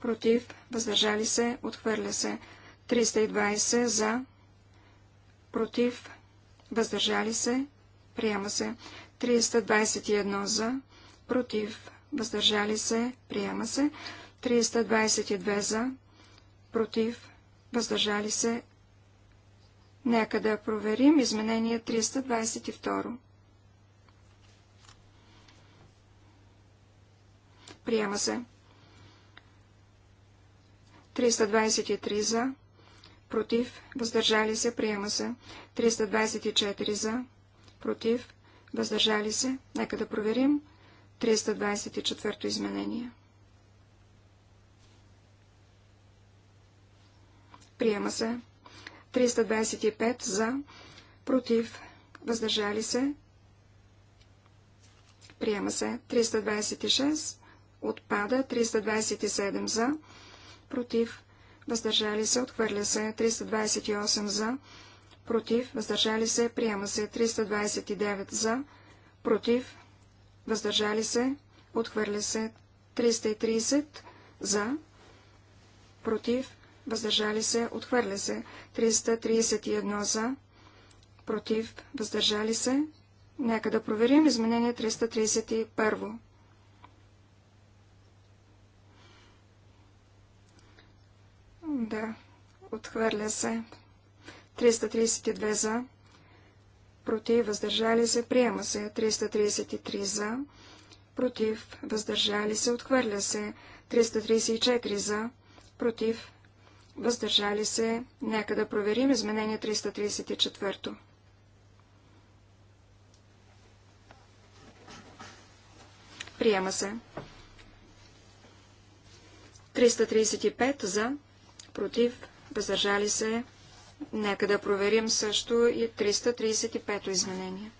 Speaker 2: против, въздържали се, отхвърля се 320 за, против, въздържали се, приема се 321 за, против, въздържали се, приема се 322 за, против, въздържали се. Нека да проверим изменение 322. Приема се. 323 за. Против. Въздържали се. Приема се. 324 за. Против. Въздържали се. Нека да проверим. 324 изменение. Приема се. 325 за, против, въздържали се. Приема се. 326 отпада. 327 за, против, въздържали се. Отхвърля се. 328 за, против, въздържали се. Приема се. 329 за, против, въздържали се. Отхвърля се. 330 за, против, въздържали се, отхвърля се. 331 за, против, въздържали се. Нека да проверим изменение 331. Да, отхвърля се. 332 за, против, въздържали се, приема се. 333 за, против, въздържали се, отхвърля се. 334 за, против, въздържали се. Нека да проверим изменение 334. Приема се. 335 за, против, въздържали се. Нека да проверим също и 335 изменение.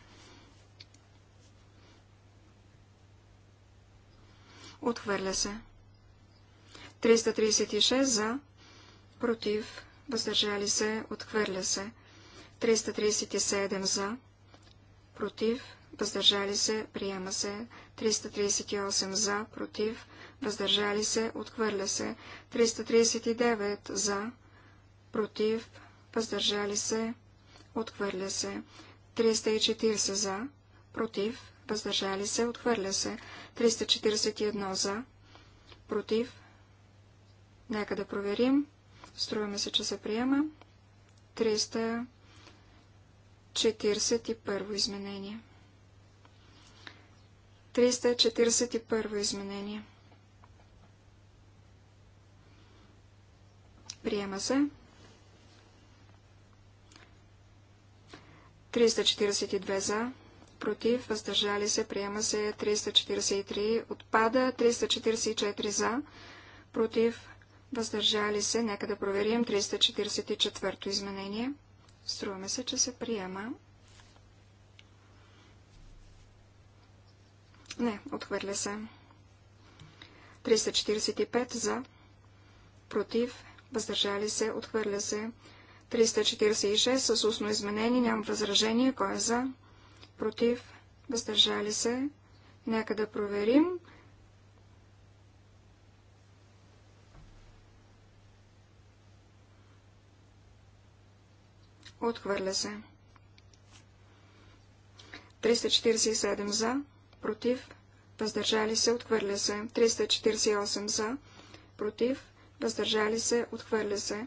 Speaker 2: Отхвърля се. 336 за, против, въздържали се, отхвърля се. 337 за, против, въздържали се, приема се. 338 за, против, въздържали се, отхвърля се. 339 за, против, въздържали се, отхвърля се. 340 за, против, въздържали се, отхвърля се. 341 за, против. Нека да проверим. Струваме се, че се приема. 341 изменение. 341 изменение. Приема се. 342 за, против, въздържали се, приема се 343, отпада 344 за, против, въздържали се, нека да проверим 344-то изменение. Струваме се, че се приема. Не, отхвърля се. 345 за, против, въздържали се, отхвърля се. 346 с устно изменение, няма възражение, кой е за, против, въздържали се. Нека да проверим. Отхвърля се. 347 за, против, въздържали се, отхвърля се. 348 за, против, въздържали се, отхвърля се.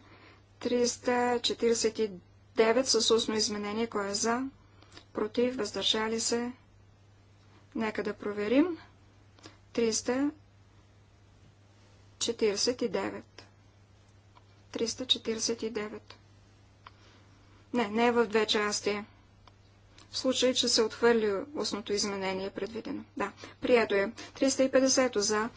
Speaker 2: 349 с устно изменение, кой е за, против, въздържали се. Нека да проверим. 349. 349. Не, не е в две части. В случай, че се отхвърли устното изменение е предвидено. Да, прието е. 350 за,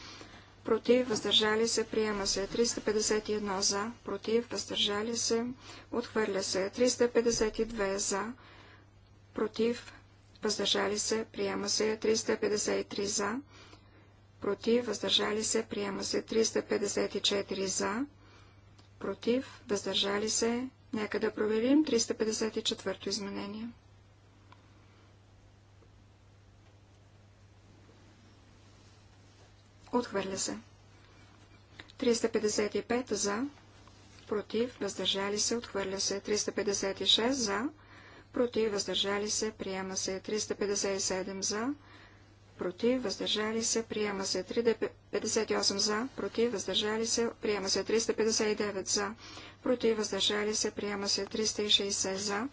Speaker 2: против, въздържали се, приема се. 351 за, против, въздържали се, отхвърля се. 352 за, против, въздържали се, приема се. 353 за, против, въздържали се, приема се. 354 за, против, въздържали се, Нека да проверим 354-то изменение. Отхвърля се. 355 за, против, въздържали се, отхвърля се. 356 за, против, въздържали се, приема се. 357 за, против, въздържали се, приема се 358 за, против, въздържали се, приема се 359 за, против, въздържали се, приема се 360 за,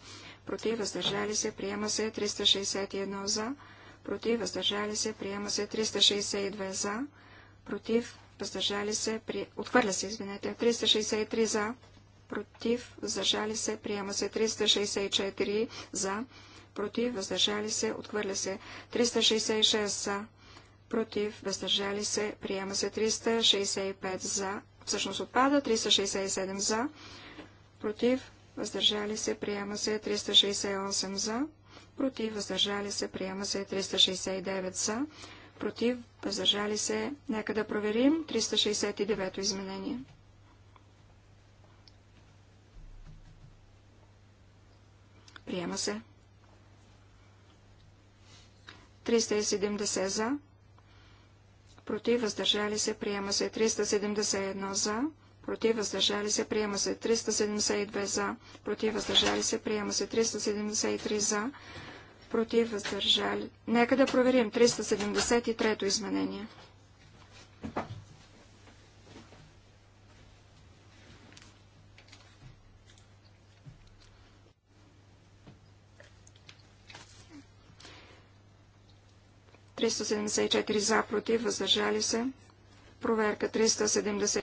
Speaker 2: против, въздържали се, приема се 361 за, против, въздържали се, приема се 362 за, против, въздържали се, при... отхвърля се, извинете, 363 за, против, въздържали се, приема се 364 за, против, въздържали се, отхвърля се. 366 за, против, въздържали се, приема се. 365 за, всъщност отпада. 367 за, против, въздържали се, приема се. 368 за, против, въздържали се, приема се. 369 за, против, въздържали се. Нека да проверим 369 изменение. Приема се. 370 за, против, въздържали се, приема се 371 за, против, въздържали се, приема се 372 за, против, въздържали се, приема се 373 за, против, въздържали. Нека да проверим 373-то изменение. 374 за, против, въздържали се. Проверка 370.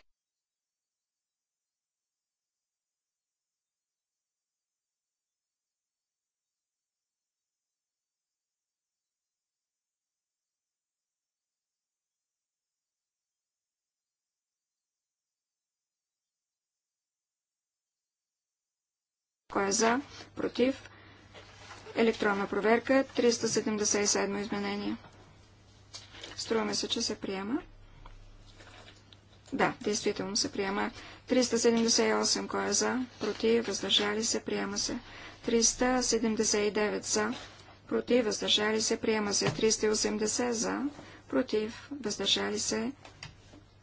Speaker 2: Кой е за? Против? Електронна проверка. 377 изменение. Струваме се, че се приема. Да, действително се приема. 378, кой е за, против, въздържали се, приема се. 379 за, против, въздържали се, приема се. 380 за, против, въздържали се,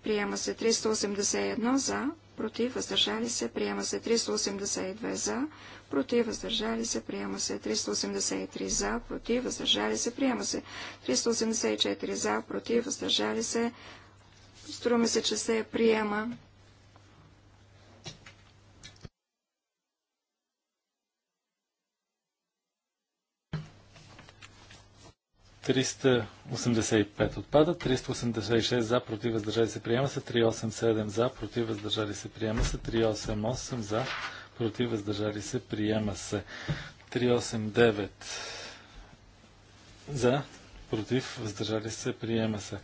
Speaker 2: приема се. 381 за, против, въздържали се, приема се 382 за, против, въздържали се, приема се 383 за, против, въздържали се, приема се 384 за, против, въздържали се, струва се, че се приема
Speaker 4: 385 отпада, 386 за, против, въздържали се, приема се, 387 за, против, въздържали се, приема се, 388 за, против, въздържали се, приема се, 389 за, против, въздържали се, приема се,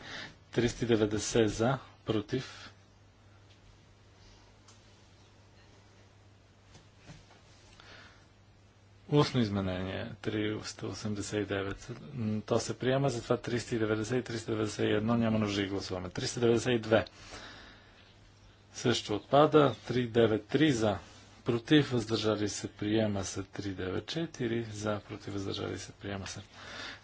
Speaker 4: 390 за, против, Устно изменение 389. То се приема, затова 390 и 391 няма нужда и гласуваме. 392 също отпада. 393 за. Против въздържали се приема се 394 за. Против въздържали се приема се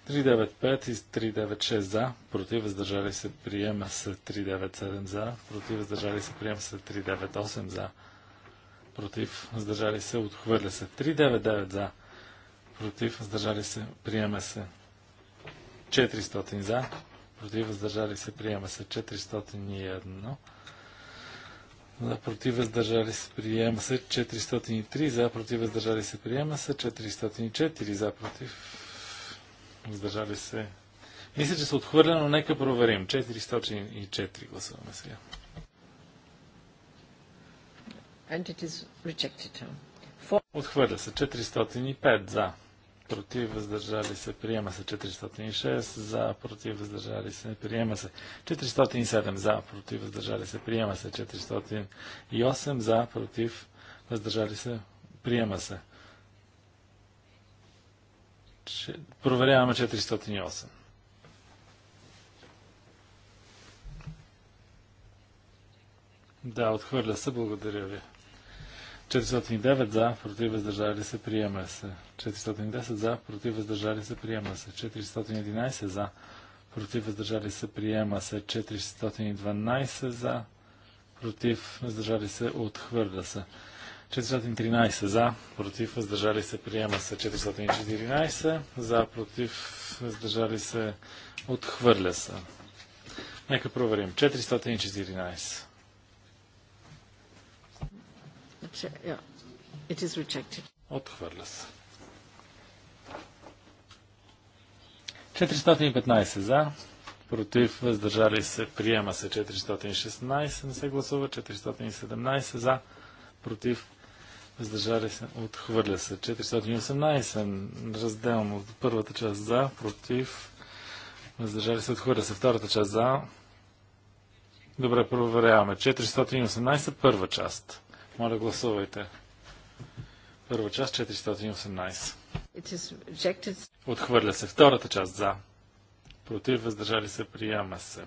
Speaker 4: 395 и 396 за. Против въздържали се приема се 397 за. Против въздържали се приема се 398 за против, въздържали се, отхвърля се. 399 за, против, въздържали се, приема се. 400 за, против, въздържали се, приема се. 401 за, против, въздържали се, приема се. 403 за, против, въздържали се, приема се. 404 за, против, въздържали се. Мисля, че се отхвърля, но нека проверим. 404 гласуваме сега.
Speaker 3: And it is rejected.
Speaker 4: For... Отхвърля се 405 за. Против въздържали се. Приема се 406 за. Против въздържали се. Приема се 407 за. Против въздържали се. Приема се 408 за. Против въздържали се. Приема се. Че... Проверяваме 408. Да, отхвърля се. Благодаря ви. 409 за, против въздържали се, приема се. 410 за, против въздържали се, приема се. 411 за, против въздържали се, приема се. 412 за, против въздържали се, отхвърля се. 413 за, против въздържали се, приема се. 414 за, против въздържали се, отхвърля се. Нека проверим. 414.
Speaker 3: It is rejected. Отхвърля се.
Speaker 4: 415 за, против, въздържали се, приема се 416, не се гласува, 417 за, против, въздържали се, отхвърля се, 418, разделно от първата част за, против, въздържали се, отхвърля се, втората част за. Добре, проверяваме. 418, първа част. Моля, гласувайте. Първа част 418. Отхвърля се. Втората част за. Против, въздържали се, приема се.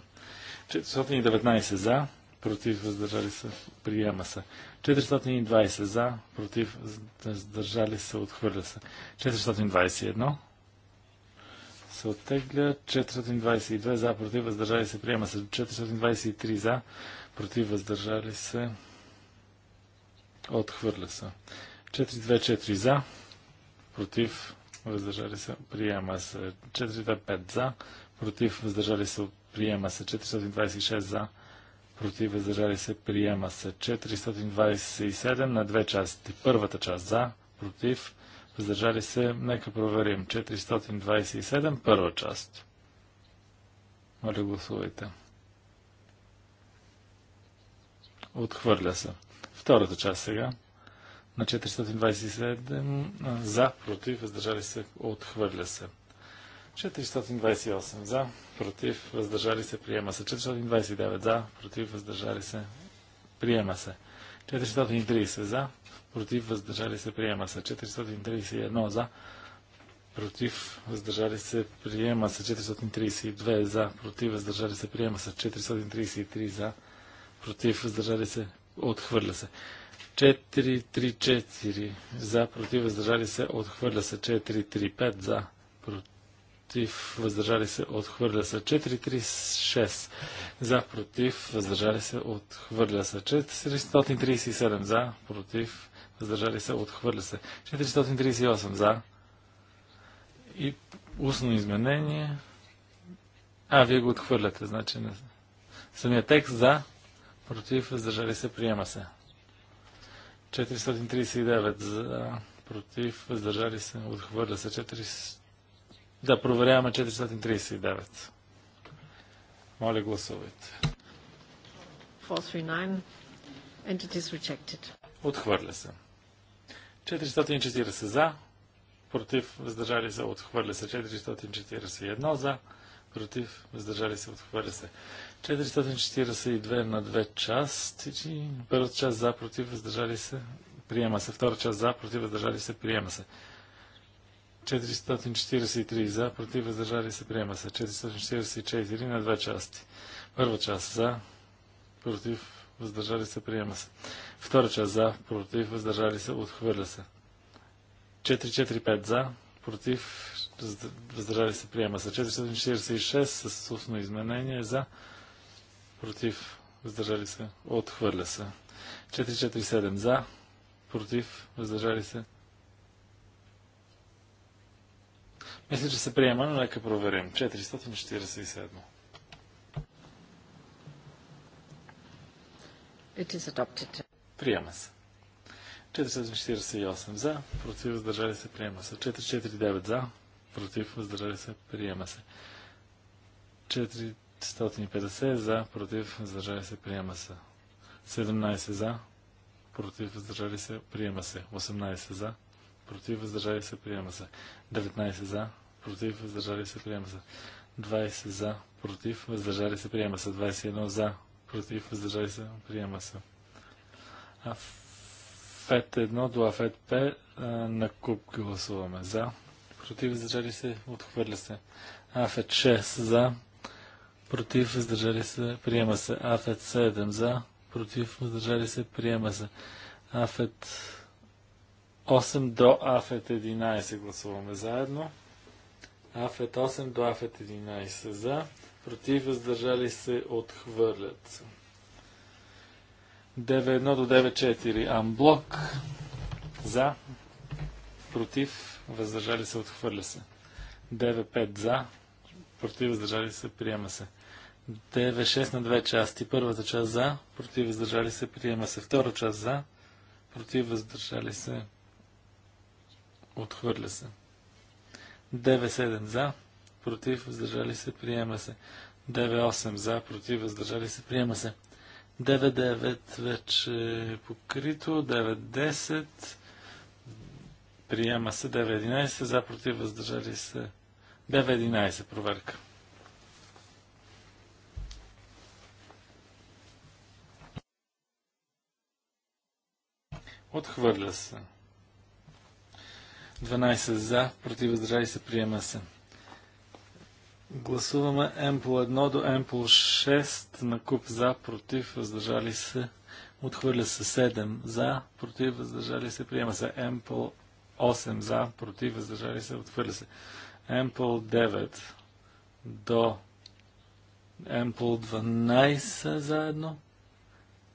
Speaker 4: 419 за, против, въздържали се, приема се. 420 за, против, въздържали се, отхвърля се. 421 се оттегля. 422 за, против, въздържали се, приема се. 423 за, против, въздържали се, Отхвърля се. 424 за. Против. Въздържали се. Приема се. 425 за. Против. Въздържали се. Приема се. 426 за. Против. Въздържали се. Приема се. 427 на две части. Първата част за. Против. Въздържали се. Нека проверим. 427. Първа част. Моля гласувайте. Отхвърля се. Втората част сега на 427 за, против, въздържали се, отхвърля се. 428 за, против, въздържали се, приема се. 429 за, против, въздържали се, приема се. 430 за, против, въздържали се, приема се. 431 за, против, въздържали се, приема се. 432 за, против, въздържали се, приема се. 433 за, против, въздържали се, Отхвърля се. 4-3-4 за, против, въздържали се, отхвърля се. 4-3-5 за, против, въздържали се, отхвърля се. 4-3-6 за, против, въздържали се, отхвърля се. 437 за, против, въздържали се, отхвърля се. 438 за. И устно изменение. А, вие го отхвърляте, значи не. Самия текст за, против, въздържали се, приема се. 439 за, против, въздържали се, отхвърля се. 4... Да, проверяваме 439. Моля, гласувайте.
Speaker 3: 439. Entities rejected.
Speaker 4: Отхвърля се. 440 за, против, въздържали се, отхвърля се. 441 за, против, въздържали се, отхвърля се. 442 на две части. Първа част за, против, въздържали се, приема се. Втора част за, против, въздържали се, приема се. 443 за, против, въздържали се, приема се. 444 на две части. Първа част за, против, въздържали се, приема се. Втора част за, против, въздържали се, отхвърля се. 445 за, против, въздържали се, приема се. 446 с устно изменение за, против, въздържали се, отхвърля се. 447 за, против, въздържали се. Мисля, че се приема, но нека проверим. 447.
Speaker 3: It is adopted.
Speaker 4: Приема се. 448 за, против, въздържали се, приема се. 449 за, против, въздържали се, приема се. 4 150 за, против, въздържали се, приема се. 17 за, против, въздържали се, приема се. 18 за, против, въздържали се, приема се. 19 за, против, въздържали се, приема се. 20 за, против, въздържали се, приема се. 21 за, против, въздържали се, приема се. А Фет 1 до Фет 5 на куп гласуваме. За, против, въздържали се, отхвърля се. Афет 6 за, против, въздържали се, приема се. Афет 7 за, против, въздържали се, приема се. Афет 8 до Афет 11 гласуваме заедно. Афет 8 до Афет 11 за, против, въздържали се, отхвърлят се. 9.1 до 9.4 амблок за, против, въздържали се, отхвърля се. 9.5 за, против, въздържали се, приема се. 9-6 на две части. Първата част за, против въздържали се, приема се. Втора част за, против въздържали се, отхвърля се. 9-7 за, против въздържали се, приема се. 9-8 за, против въздържали се, приема се. 9-9 вече е покрито. 9-10 приема се. 9-11 за, против въздържали се. 9-11 проверка. Отхвърля се. 12 за, против въздържали се, приема се. Гласуваме М по 1 до по 6 на куп за, против, въздържали се. Отхвърля се 7 за, против, въздържали се, приема се. по 8 за, против, въздържали се, отхвърля се. по 9 до по 12 заедно,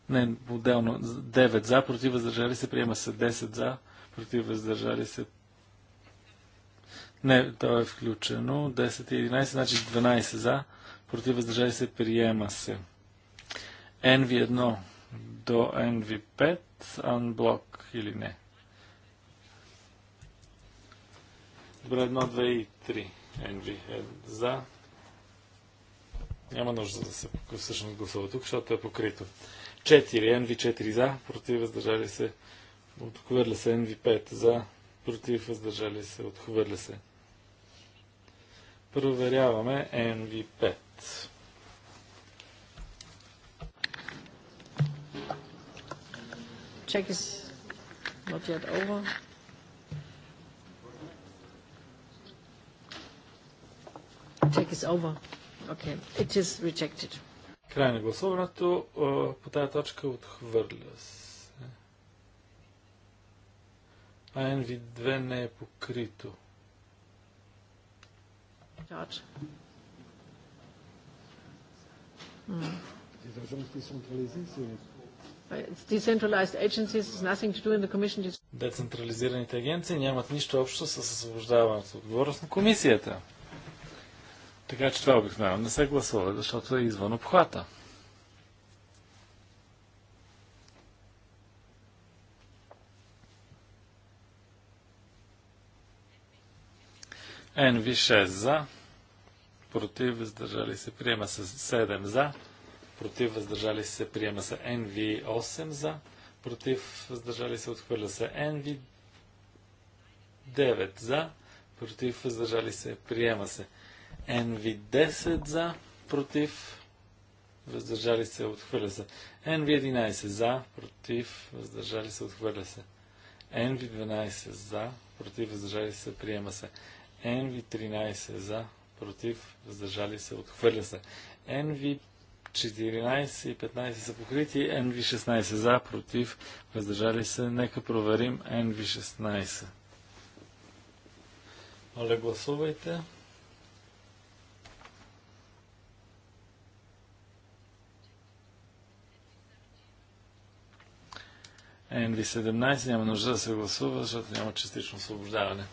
Speaker 4: не, отделно 9 за, против въздържали се, приема се 10 за, против въздържали се. Не, то е включено. 10 и 11, значи 12 за, против въздържали се, приема се. NV1 до NV5, анблок или не. Добре, 1, 2 и 3 NV е за. Няма нужда да се всъщност гласува тук, защото е покрито. 4, NV4 за, против, въздържали се, отхвърля се, NV5 за, против, въздържали се, отхвърля се. Проверяваме NV5.
Speaker 3: Check is not yet over. Check is over. Okay, it is rejected.
Speaker 4: Край на гласуването. По тази точка отхвърля се. А NV2 не е покрито. Децентрализираните агенции нямат нищо общо с освобождаването от отговорност на комисията. Така че това обикновено не се гласува, защото е извън обхвата. NV6 за, против, въздържали се, приема се 7 за, против, въздържали се, приема се NV8 за, против, въздържали се, отхвърля се NV9 за, против, въздържали се, приема се NV10 за, против, въздържали се, отхвърля се. NV11 за, против, въздържали се, отхвърля се. NV12 за, против, въздържали се, приема се. NV13 за, против, въздържали се, отхвърля се. NV 14 и 15 са покрити, NV16 за, против, въздържали се. Нека проверим NV16. Моля, гласувайте. NV17 няма нужда да се гласува, защото няма частично освобождаване.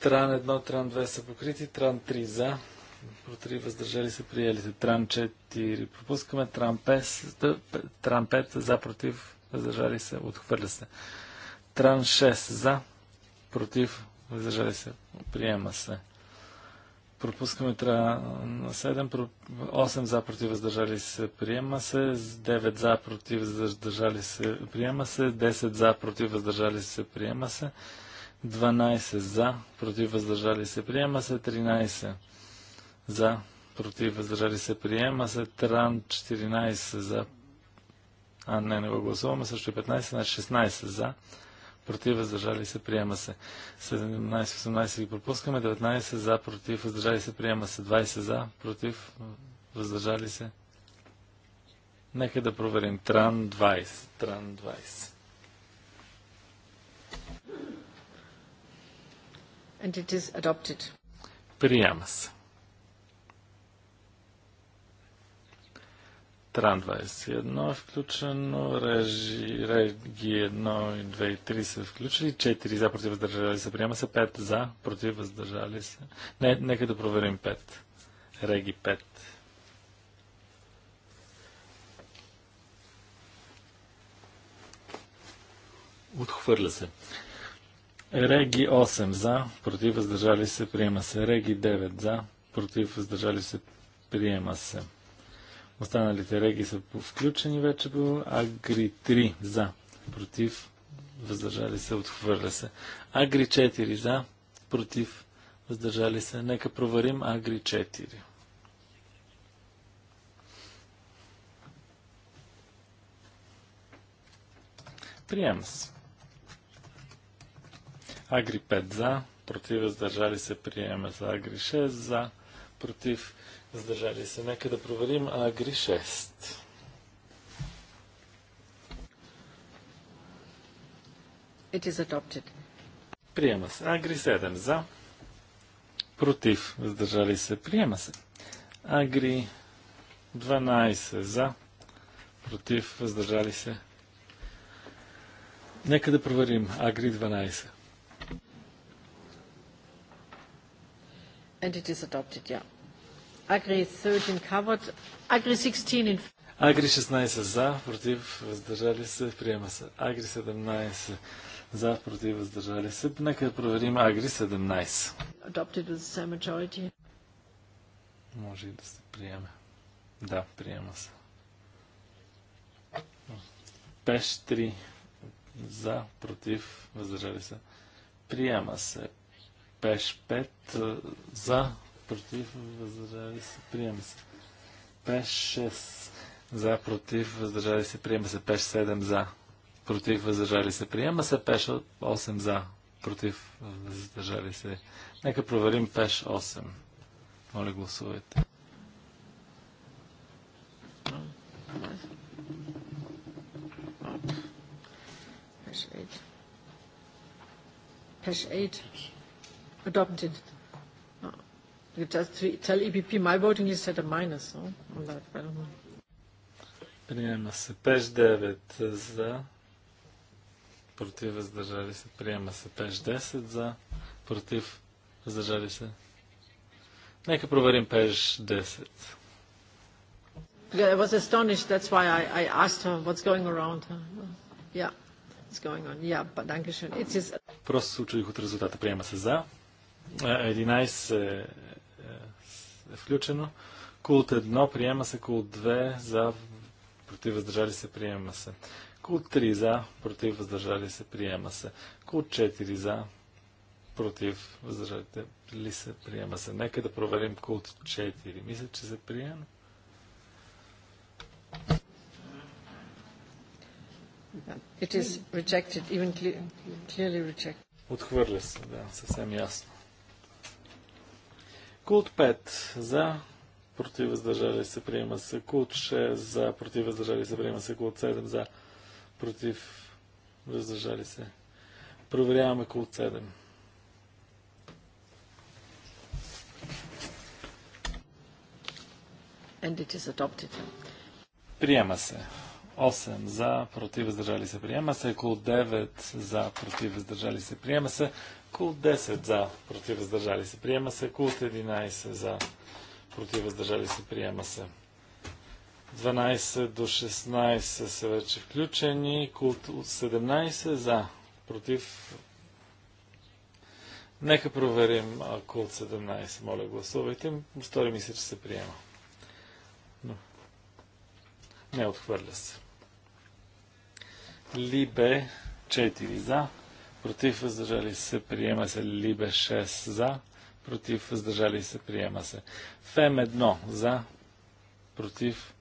Speaker 4: Тран 1, Тран 2 са покрити, Тран 3 за, против въздържали се приелите. Тран 4 пропускаме, Тран 5, Тран 5 за, против въздържали се, отхвърля се. Тран 6 за, против въздържали се, приема се. Пропускаме на 7, 8 за против въздържали се, приема се, 9 за против въздържали се, приема се, 10 за против въздържали се, приема се, 12 за против въздържали се, приема се, 13 за против въздържали се, приема се, тран 14 за, а не, не го гласуваме, също и 15, на 16 за против, въздържали се, приема се. 17-18 ги пропускаме, 19 за, против, въздържали се, приема се. 20 за, против, въздържали се. Нека да проверим. Тран 20. Тран 20.
Speaker 3: And it is adopted.
Speaker 4: Приема се. Тран 21 е включено, Режи, Реги 1 и 2 и 3 са включили, 4 за против въздържали се, приема се 5 за против въздържали се. Не, нека да проверим 5. Реги 5. Отхвърля се. Реги 8 за, против въздържали се, приема се. Реги 9 за, против въздържали се, приема се. Останалите реги са включени вече по Агри 3 за, против, въздържали се, отхвърля се. Агри 4 за, против, въздържали се. Нека проверим Агри 4. Приема се. Агри 5 за, против въздържали се приема за Агри 6 за, против Здържали се. Нека да проверим Агри 6.
Speaker 3: It is adopted.
Speaker 4: Приема се. Агри 7 за. Против. Здържали се. Приема се. Агри 12 за. Против. Въздържали се. Нека да проверим. Агри 12.
Speaker 3: And it is adopted, yeah. Агри 13 covered. Агри 16 in...
Speaker 4: Агри 16 за, против, въздържали се, приема се. Агри 17 за, против, въздържали се. Нека проверим Агри 17.
Speaker 3: Adopted with the same majority.
Speaker 4: Може и да се приеме. Да, приема се. Пеш 3 за, против, въздържали се. Приема се. Пеш 5 за, против, въздържали се, приема се. Пеш 6 за, против, въздържали се, приема се. Пеш 7 за, против, въздържали се, приема се. Пеш 8 за, против, въздържали се. Нека проверим пеш 8. Моля, гласувайте.
Speaker 3: Пеш 8. Пеш 8. Adopted. You just tell EPP my voting is at a minus, no? On that, I don't know.
Speaker 4: Приема се 5-9 за. Против въздържали се. Приема се 5-10 за. Против въздържали се. Нека проверим 5-10.
Speaker 3: I was astonished. That's why I, I asked her what's going around. Yeah, it's going on. Yeah, but danke schön. It's just...
Speaker 4: Просто се учудих от резултата. Приема се за. 11 е включено. Култ 1 приема се, култ 2 за, против въздържали се, приема се. Култ 3 за, против въздържали се, приема се. Култ 4 за, против въздържали ли се, приема се. Нека да проверим култ 4. Мисля, че се приема.
Speaker 3: It is rejected, even clearly rejected.
Speaker 4: Отхвърля се, да, съвсем ясно. Култ 5 за против въздържали се приема се. Култ 6 за против въздържали се приема се. Култ 7 за против въздържали се. Проверяваме култ 7.
Speaker 3: And it is adopted.
Speaker 4: Приема се. 8 за, против, въздържали се, приема се. Култ 9 за, против, въздържали се, приема се. Култ 10 за, против въздържали се, приема се. Култ 11 за, против въздържали се, приема се. 12 до 16 са вече включени. Култ 17 за, против. Нека проверим култ 17. Моля, гласувайте. Стори ми се, че се приема. Но. Не отхвърля се. Либе 4 за, против, въздържали се, приема се. Либе 6 за, против, въздържали се, приема се. Фем 1 за, против,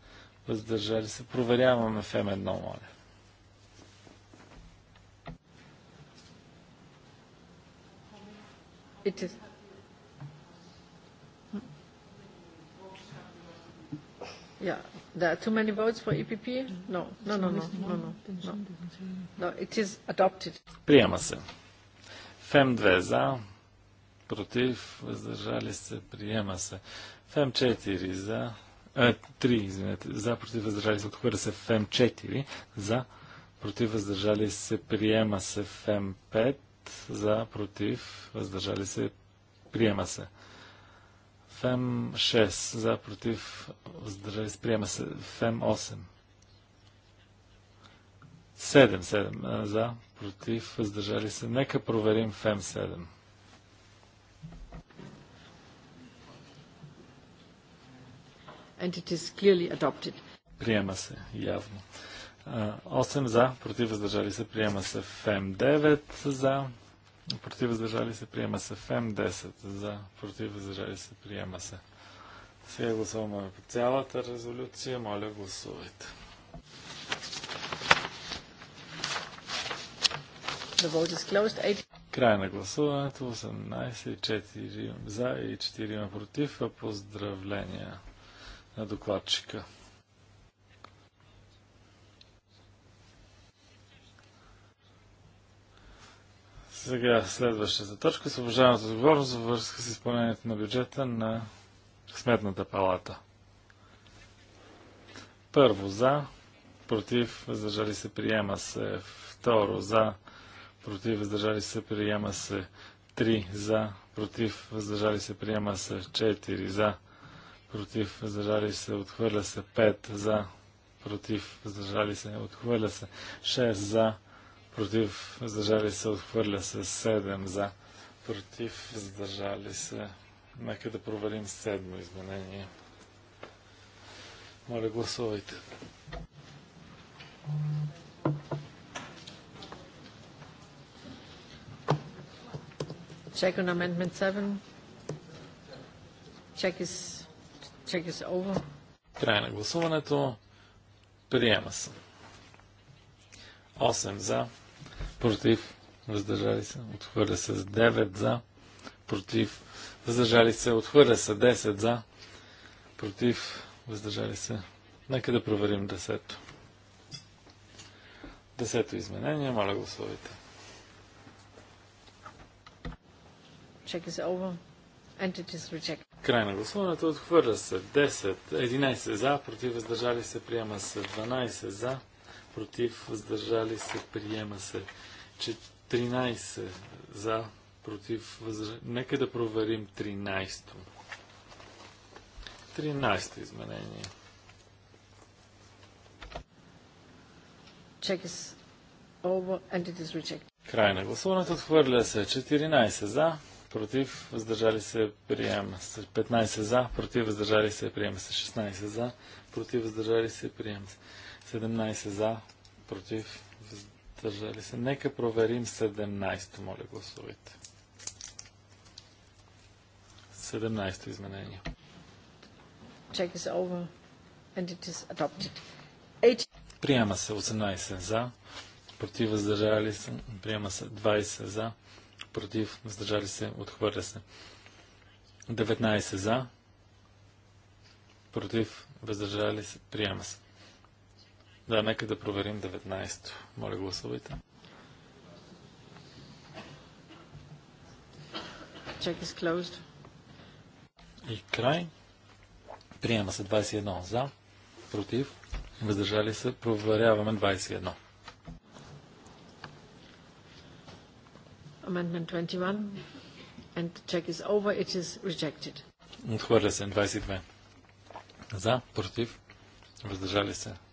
Speaker 4: въздържали се. Проверяваме Фем 1, моля.
Speaker 3: It is. Yeah. There are too many votes for EPP? No, no, no, no, no, no, no. no it is adopted.
Speaker 4: Приема се. Фем 2 за, против, въздържали се, приема се. Фем 4 за, а, е, 3, извинете, за, против, въздържали се, отхвърля се. Фем 4 за, против, въздържали се, приема се. Фем 5 за, против, въздържали се, приема се. Фем 6 за, против, въздържали се, приема се. Фем 8. 7, 7 за, против, въздържали се. Нека проверим Фем 7.
Speaker 3: And it is clearly adopted.
Speaker 4: Приема се, явно. 8 за, против въздържали се, приема се. Фем 9 за, Против въздържали се, приема се. ФЕМ 10 за. Против въздържали се, приема се. Сега гласуваме по цялата резолюция. Моля, гласувайте. Край на гласуването. 18 за и 4 против. Поздравления на докладчика. Сега следващата точка. Съображаването отговорност във връзка с изпълнението на бюджета на Сметната палата. Първо за, против, въздържали се, приема се. Второ за, против, въздържали се, приема се. Три за, против, въздържали се, приема се. Четири за, против, въздържали се, отхвърля се. Пет за, против, въздържали се, отхвърля се. Шест за, против, задържали се, отхвърля се 7 за, против, задържали се. Нека да проверим седмо изменение. Моля, гласувайте.
Speaker 3: Check on Amendment 7. Check is, check is over.
Speaker 4: Край на гласуването. Приема се. 8 за, против, въздържали се, отхвърля се с 9 за, против, въздържали се, отхвърля се 10 за, против, въздържали се. Нека да проверим 10. Десето изменение, моля гласовете.
Speaker 3: Check is over.
Speaker 4: Край на гласуването отхвърля се 10, 11 за, против въздържали се, приема се 12 за, против въздържали се, приема се 14 за, против, възражение. Нека да проверим 13-то. 13-то изменение.
Speaker 3: Check is over and it is rejected.
Speaker 4: Край на гласуването отхвърля се 14 за, против, въздържали се, приема се 15 за, против, въздържали се, приема се 16 за, против, въздържали се, приема се 17 за, против, въздържали се. Нека проверим 17-то, моля гласувайте. 17-то изменение.
Speaker 3: Check is over and it is adopted.
Speaker 4: Приема се 18 за, против въздържали се, приема се 20 за, против въздържали се, отхвърля се. 19 за, против въздържали се, приема се. Да, нека да проверим 19-то. Моля, гласувайте.
Speaker 3: Check is closed.
Speaker 4: И край. Приема се 21 за, против, въздържали се, проверяваме 21.
Speaker 3: Amendment 21 and the check is over. It is rejected.
Speaker 4: Отхвърля се 22. За, против, въздържали се,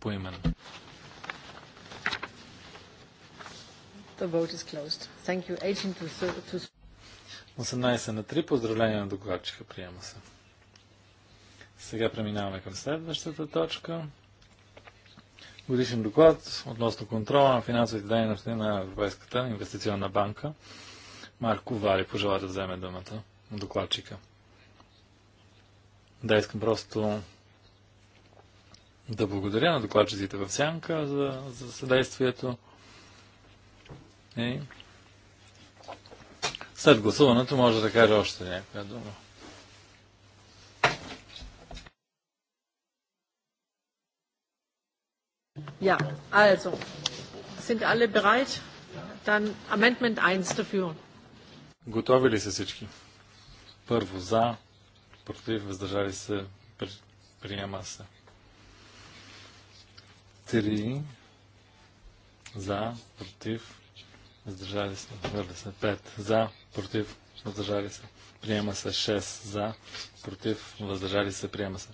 Speaker 4: поименно.
Speaker 3: The vote is closed. Thank you. 18 to
Speaker 4: 18 на 3. поздравления на докладчика. Приема се. Сега преминаваме към следващата точка. Годишен доклад относно контрола на финансовите дейности на Европейската инвестиционна банка. Марко Вали пожела да вземе думата на докладчика. Да, искам просто да благодаря на докладчиците в Сянка за, за съдействието. И след гласуването може да кажа още някоя дума.
Speaker 3: Ja, also, sind alle bereit? Dann Amendment 1 dafür.
Speaker 4: Готови ли са всички? Първо за, против, въздържали се, приема се. 3 за, против, въздържали се, въздържали се 5 за, против, въздържали се, приема се 6 за, против, въздържали се, приема се.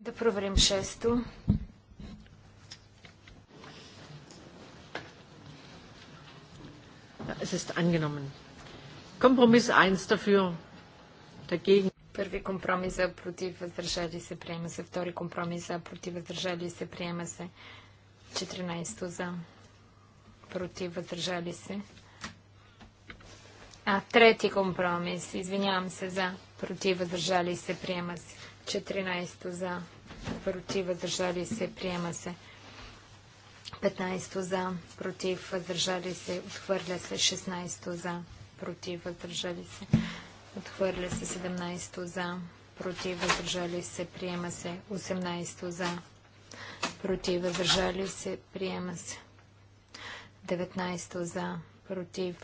Speaker 1: Да проверим 6
Speaker 3: Es ist angenommen. Kompromiss
Speaker 1: 1 dafür. Dagegen. Първи компромис за против, въздържали се, приема се. Втори компромис за против, въздържали се, приема се. 14 за против, въздържали се. А, трети компромис. Извинявам се за против, въздържали се, приема се. 14 за против, въздържали се, приема се. 15 за против, въздържали се, отхвърля се. 16 за против, въздържали се. Отхвърля се 17 за. Против въздържали се. Приема се 18 за. Против въздържали се. Приема се. 19 за. Против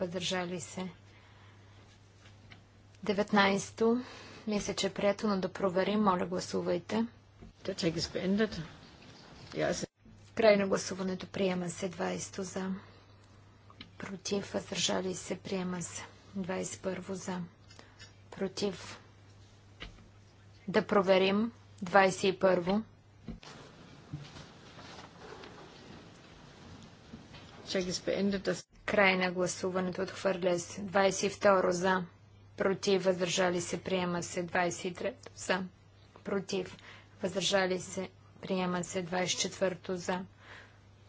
Speaker 1: въздържали се. 19. Мисля, че е приятелно да проверим. Моля, гласувайте. Край на гласуването приема се 20 за. Против въздържали се. Приема се. 21 за. Против. Да проверим. 21. Край на гласуването отхвърля се. 22 за. Против. Въздържали се. Приема се. 23 за. Против. Въздържали се. Приема се. 24 за.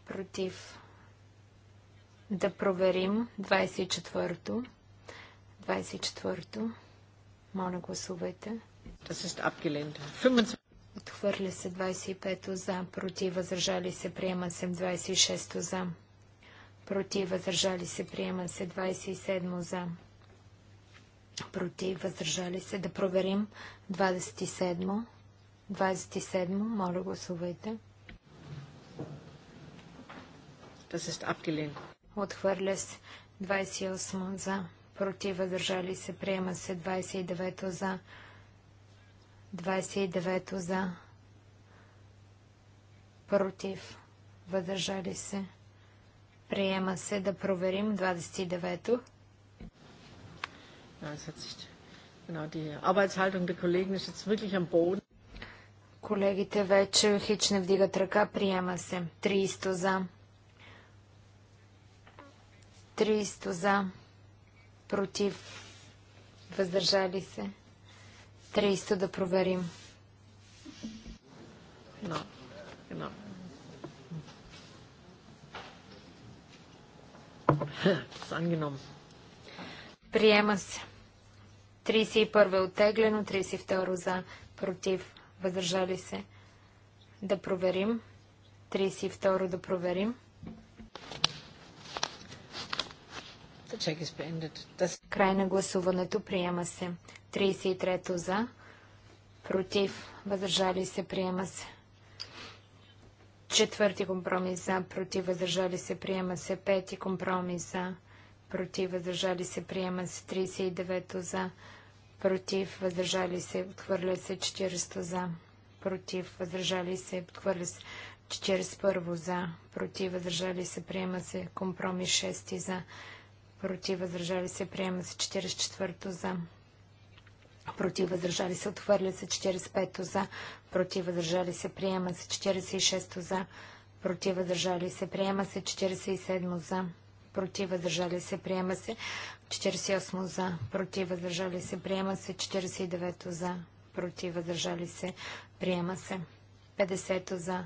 Speaker 1: Против. Да проверим. 24. 24 Моля, гласувайте. Отхвърля се 25-то за, против, възражали се, приема се 26-то за, против, възражали се, приема се 27-то за, против, възражали се. Да проверим 27-то. 27 моля гласувайте.
Speaker 3: Das ist abgelehnt.
Speaker 1: Отхвърля се 28 за против, въздържали се, приема се 29 то за, 29 то за, против, въздържали се, приема се да проверим 29-то. Колегите вече хич не вдигат ръка, приема се. 300 за. 300 за против, въздържали се. 300 да проверим. No. No. Приема се. 31 е оттеглено, 32 за, против, въздържали се. Да проверим. 32 да проверим. Край на гласуването приема се. 33-то за. Против. Въздържали се. Приема се. Четвърти компромис за. Против. Въздържали се. Приема се. Пети компромис за. Против. Въздържали се. Приема се. 39-то за. Против. Въздържали се. Отхвърля се. 40-то за. Против. Въздържали се. Отхвърля се. 41 за, против, въздържали се, приема се компромис 6 за, против, въздържали се, приема се 44-то за, против, въздържали се, отхвърля се 45-то за, против, въздържали се, приема се 46-то за, против, въздържали се, приема се 47-то за, против, въздържали се, приема се 48-то за, против, въздържали се, приема се 49-то за, против, въздържали се, приема се 50-то за,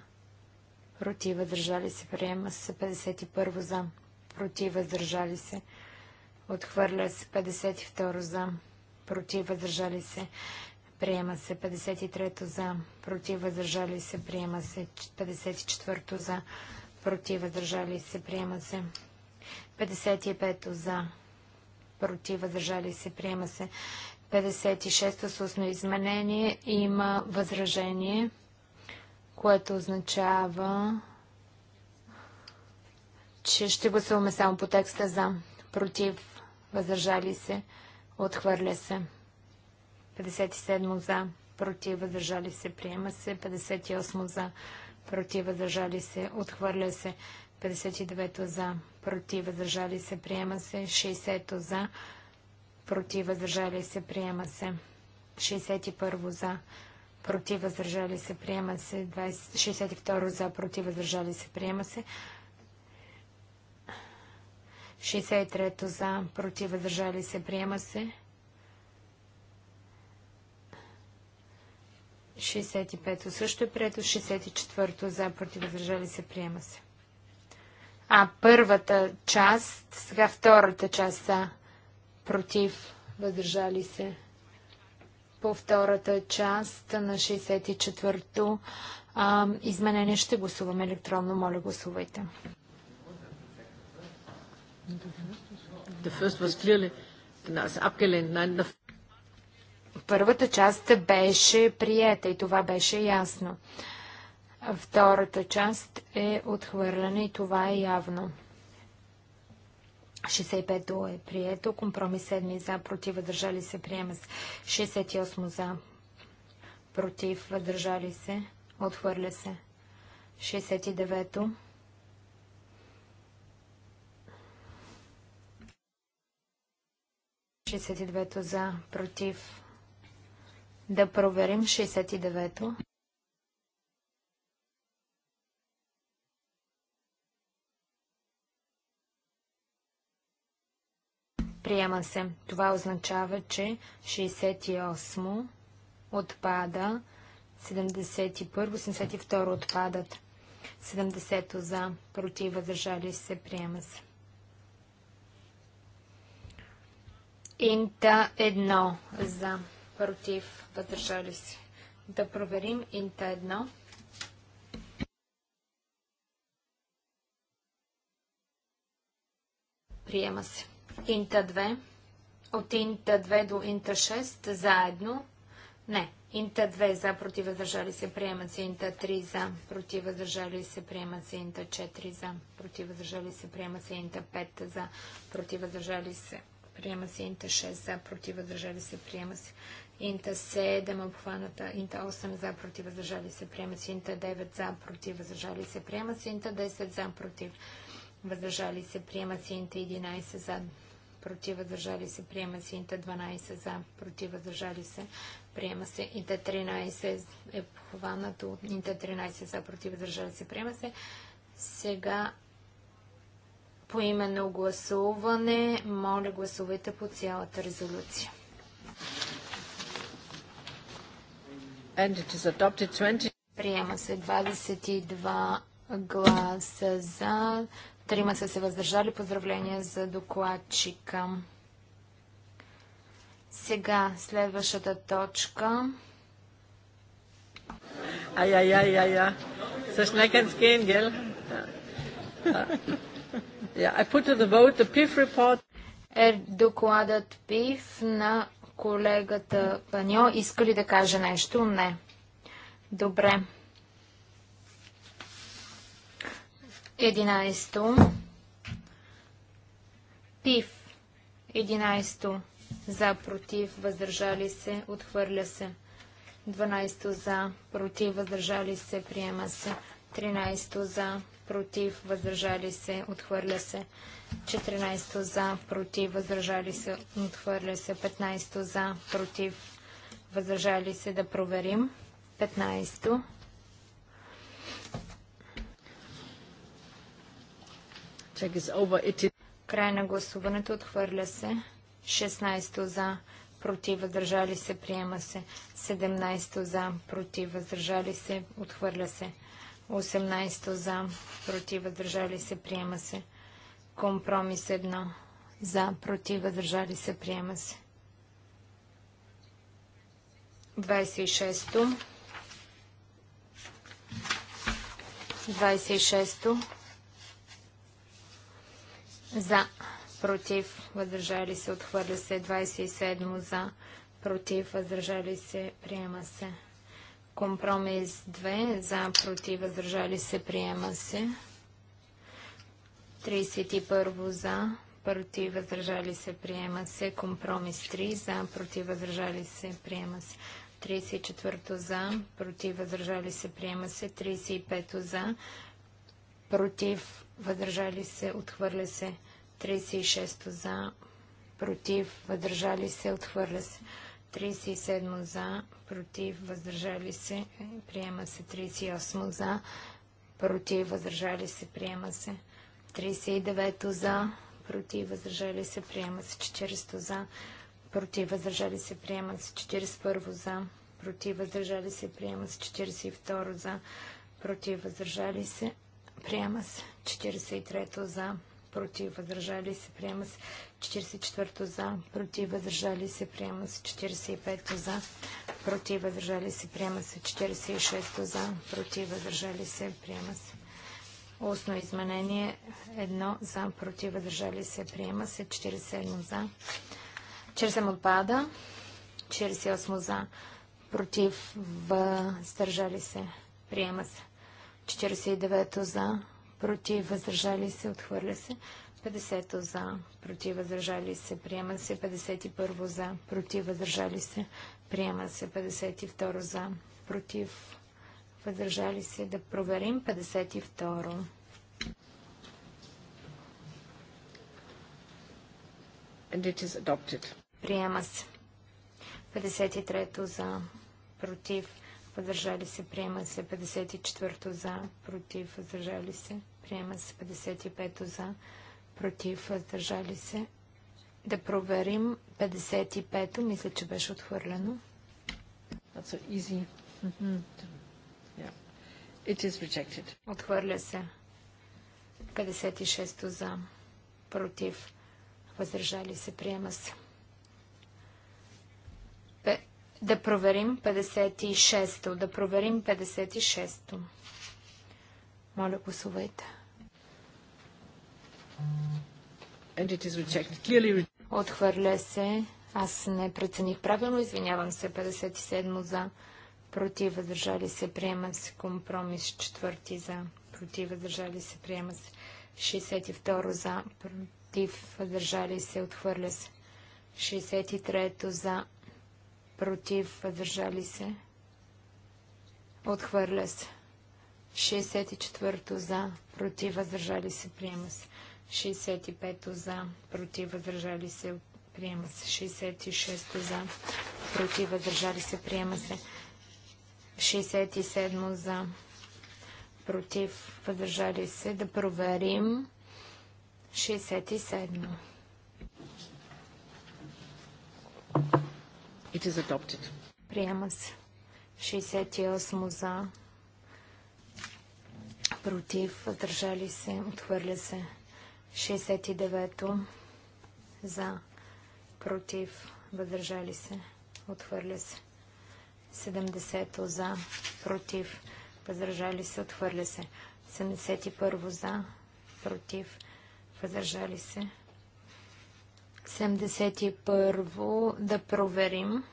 Speaker 1: против, въздържали се, приема се 51-то за, против, въздържали се, приема се Отхвърля се 52 за. Против въздържали се. Приема се 53 за. Против въздържали се. Приема се 54 за. Против въздържали се. Приема се 55 за. Против въздържали се. Приема се 56 с устно изменение. Има възражение, което означава че ще гласуваме само по текста за. Против въздържали се, отхвърля се. 57 за, против, въздържали се, приема се. 58 за, против, въздържали се, отхвърля се. 59 за, против, въздържали се, приема се. 60 за, против, въздържали се, приема се. 61 за, против, въздържали се, приема се. 62 за, против, въздържали се, приема се. 63 за, против, въздържали се, приема се. 65 също е прието, 64 за, против, въздържали се, приема се. А първата част, сега втората част са против, въздържали се. По втората част на 64-то изменение ще гласуваме електронно. Моля, гласувайте. Първата част беше приета и това беше ясно. Втората част е отхвърлена и това е явно. 65 е прието. Компромис 7 за, против, въдържали се, приема се. 68 за, против, въдържали се, отхвърля се. 69 69-то за, против. Да проверим 69-то. Приема се. Това означава, че 68 отпада, 71, 82 отпадат, 70 то за, против, въздържали се, приема се. Инта едно за, против, въздържали се. Да проверим Инта едно. Приема се. Инта 2. От Инта 2 до Инта 6 заедно. Не. Инта 2 за против въздържали се приема се. Инта 3 за против въздържали се приема се. Инта 4 за против въздържали се приема се. Инта 5 за против въздържали се приема се, инта 6 за, против, въздържали се, приема се, инта 7 обхваната, инта 8 за, против, въздържали се, приема се, инта 9 за, против, въздържали се, приема се, инта 10 за, против, въздържали се, приема се, инта 11 за, против, въздържали се, приема се, инта 12 за, против, въздържали се, приема се, инта 13 е обхванато, инта 13 за, против, въздържали се, приема се, сега по на гласуване, моля гласувайте по цялата резолюция. Приема се 22 гласа за, трима са се въздържали. Поздравления за докладчика. Сега следващата точка. Ай, ай, ай, ай, ай. С gehen, gell? Yeah, I put to the vote the PIF report. Е докладът ПИФ на колегата Паньо. Иска ли да каже нещо? Не. Добре. 11. Пив. 11. За, против, въздържали се, отхвърля се. 12. За, против, въздържали се, приема се. 13. За, против, въздържали се, отхвърля се. 14 за, против, въздържали се, отхвърля се. 15 за, против, въздържали се, да проверим. 15. Край на гласуването отхвърля се. 16 за, против, въздържали се, приема се. 17 за, против, въздържали се, отхвърля се. 18 за, против, въздържали се, приема се. Компромис 1 за, против, въздържали се, приема се. 26-то. 26-то. За, против, въздържали се, отхвърля се. 27 за, против, въздържали се, приема се. Компромис 2 за против въздържали се приема се. 31 за против въздържали се приема се. Компромис 3 за против въздържали се приема се. 34 за против въздържали се приема се. 35 за против въздържали се отхвърля се. 36 за против въздържали се отхвърля се. 37 за, против, въздържали се, приема се 38 за, против, въздържали се, приема се 39 за, против, въздържали се, приема се 400 за, против, въздържали се, приема се 41 за, против, въздържали се, приема се 42 за, против, въздържали се, приема се 43 за, против, въздържали се, приема се 44-то за, против, въздържали се, приема се 45-то за, против, въздържали се, приема се 46-то за, против, въздържали се, приема се. Осно изменение 1 за, против, въздържали се, приема се 47 за, съм отпада, 48 за, против, въздържали се, приема се. 49 за, против, въздържали се, отхвърля се. 50 за, против, въздържали се, приема се. 51 за, против, въздържали се, приема се. 52 за, против, въздържали се. Да проверим 52.
Speaker 3: And it is adopted.
Speaker 1: Приема се. 53 за, против, въздържали се, приема се 54 за, против, въздържали се, приема се 55 за, против, въздържали се. Да проверим 55-то, мисля, че беше отхвърлено. That's so easy. Mm -hmm. yeah. It is rejected. Отхвърля се. 56-то за, против, въздържали се, приема се. Да проверим 56-то. Да проверим 56-то. Моля, гласувайте. Отхвърля се. Аз не прецених правилно. Извинявам се. 57 за. Против въздържали се. Приема се компромис. Четвърти за. Против въздържали се. Приема се. 62 за. Против въздържали се. Отхвърля се. 63 за против, въздържали се, отхвърля се. 64-то за, против, въздържали се, приема се. 65-то за, против, въздържали се, приема се. 66-то за, против, въздържали се, приема се. 67 за против, въздържали се. Да проверим. 67.
Speaker 3: It is adopted.
Speaker 1: Приема се. 68 за. Против. Въздържали се. Отхвърля се. 69 за. Против. Въздържали се. Отхвърля се. 70 за. Против. Въздържали се. Отхвърля се. 71 за. Против. Въздържали се. 71 да проверим.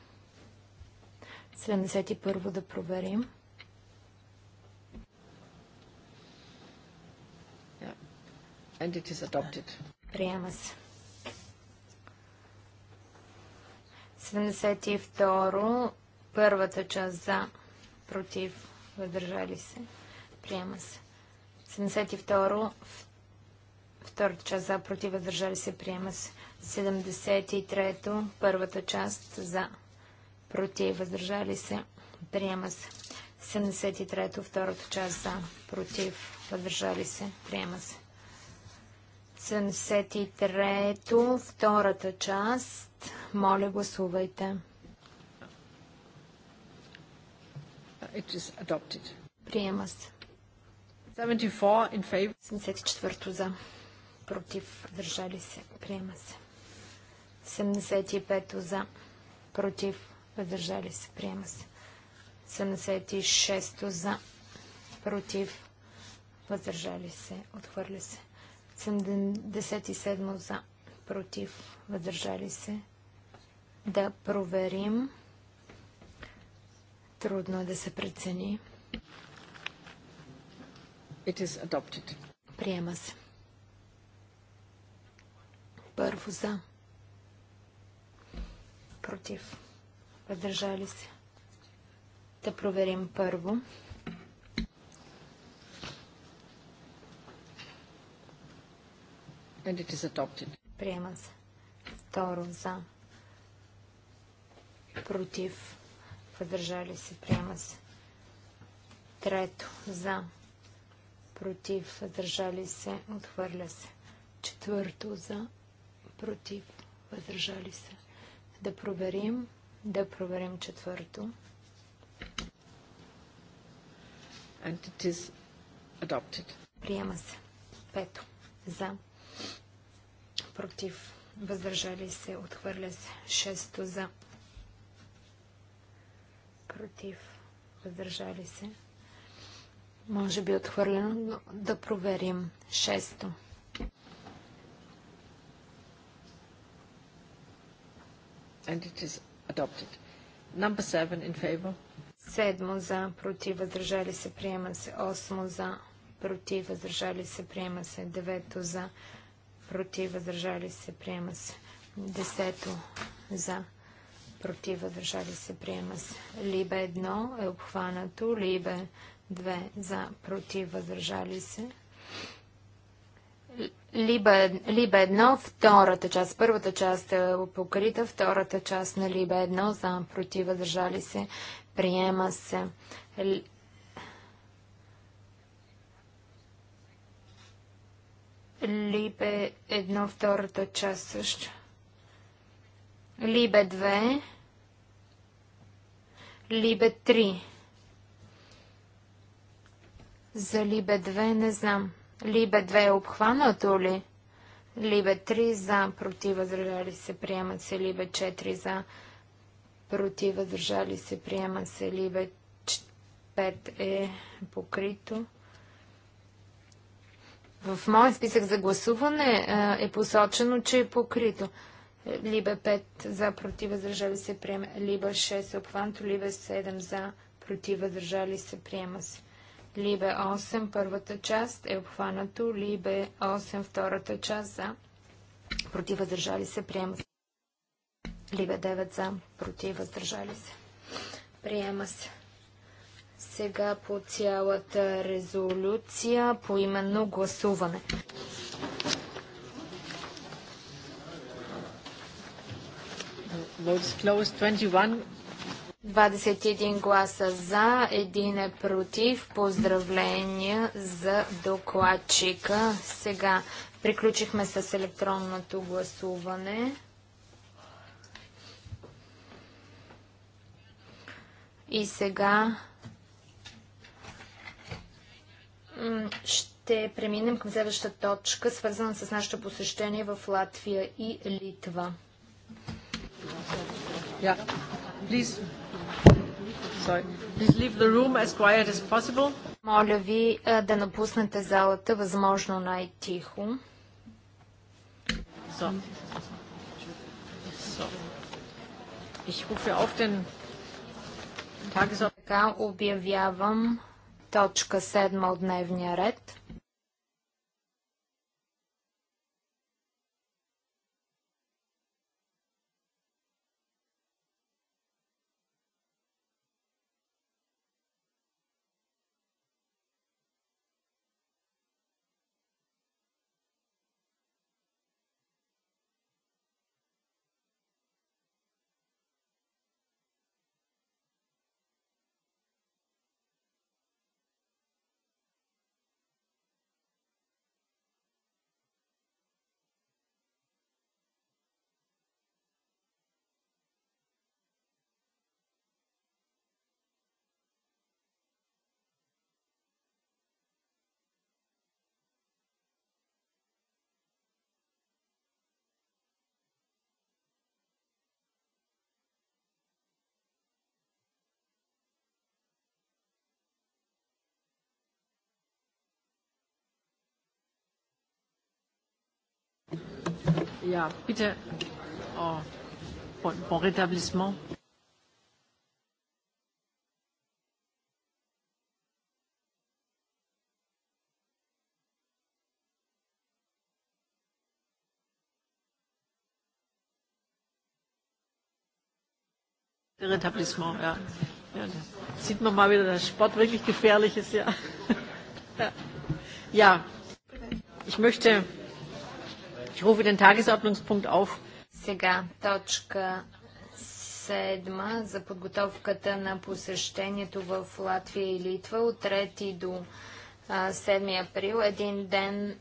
Speaker 1: 71 да проверим. And it is adopted. Приема се. 72. Първата част за, против, въздържали се. Приема се. 72. Втората част за, против, въздържали се. Приема се. 73-то, първата част за против, въздържали се, приема се. 73-то, втората част за против, въздържали се, приема се. 73-то, втората част, моля гласувайте. It is adopted. Приема се. 74 in favor. 74 за. Против. Държали се. Приема се. 75 за, против, въздържали се, приема се. 76 за, против, въздържали се, отхвърля се. 77 за, против, въздържали се. Да проверим. Трудно е да се прецени. It is adopted. Приема се. Първо за против, въздържали се. Да проверим първо. And за топтен. Приема се. Второ за. Против. Въздържали се. Приема се. Трето за. Против. Въздържали се. Отхвърля се. Четвърто за. Против. Въздържали се. Да проверим. Да проверим четвърто. And it is adopted. Приема се. Пето. За. Против. Въздържали се. Отхвърля се. Шесто. За. Против. Въздържали се. Може би отхвърлено, но да проверим. Шесто. and it
Speaker 3: is adopted.
Speaker 1: Number in favor. Седмо за, против, въздържали се, приема се. Осмо за, против, въздържали се, приема се. Девето за, против, въздържали се, приема се. Десето за, против, въздържали се, приема се. Либе едно е обхванато, либе две за, против, въздържали се, Либа, либа едно, втората част. Първата част е покрита, втората част на Либа едно, за против, държали се, приема се. Либе едно, втората част също. Либе две. Либе три. За Либе две не знам. Либе 2 е обхванато ли? Либе 3 за, против, въздържали се, приема се. Либе 4 за, против, въздържали се, приема се. Либе 5 е покрито. В моя списък за гласуване е посочено, че е покрито. Либе 5 за, против, въздържали се, приема. Либе 6 е обхванато, либе 7 за, против, въздържали се, приема се. Либе 8, първата част е обхванато. Либе 8, втората част за. Против въздържали се, приема се. Либе 9 за. Против въздържали се. Приема се. Сега по цялата резолюция по именно гласуване. Votes closed. 21 21 гласа за, 1 е против. Поздравления за докладчика. Сега приключихме с електронното гласуване. И сега ще преминем към следващата точка, свързана с нашето посещение в Латвия и Литва.
Speaker 3: Yeah. Please. As
Speaker 1: Моля ви да напуснете залата възможно най-тихо. So. So. Ich rufe auf den Така обявявам точка 7 от дневния ред.
Speaker 3: Ja, bitte. Oh, bon, bon rétablissement. Rétablissement, ja. ja da sieht man mal wieder, dass Sport wirklich gefährlich ist, ja. Ja, ich möchte
Speaker 1: сега точка седма за подготовката на посещението в Латвия и Литва от 3 до 7 април. Един ден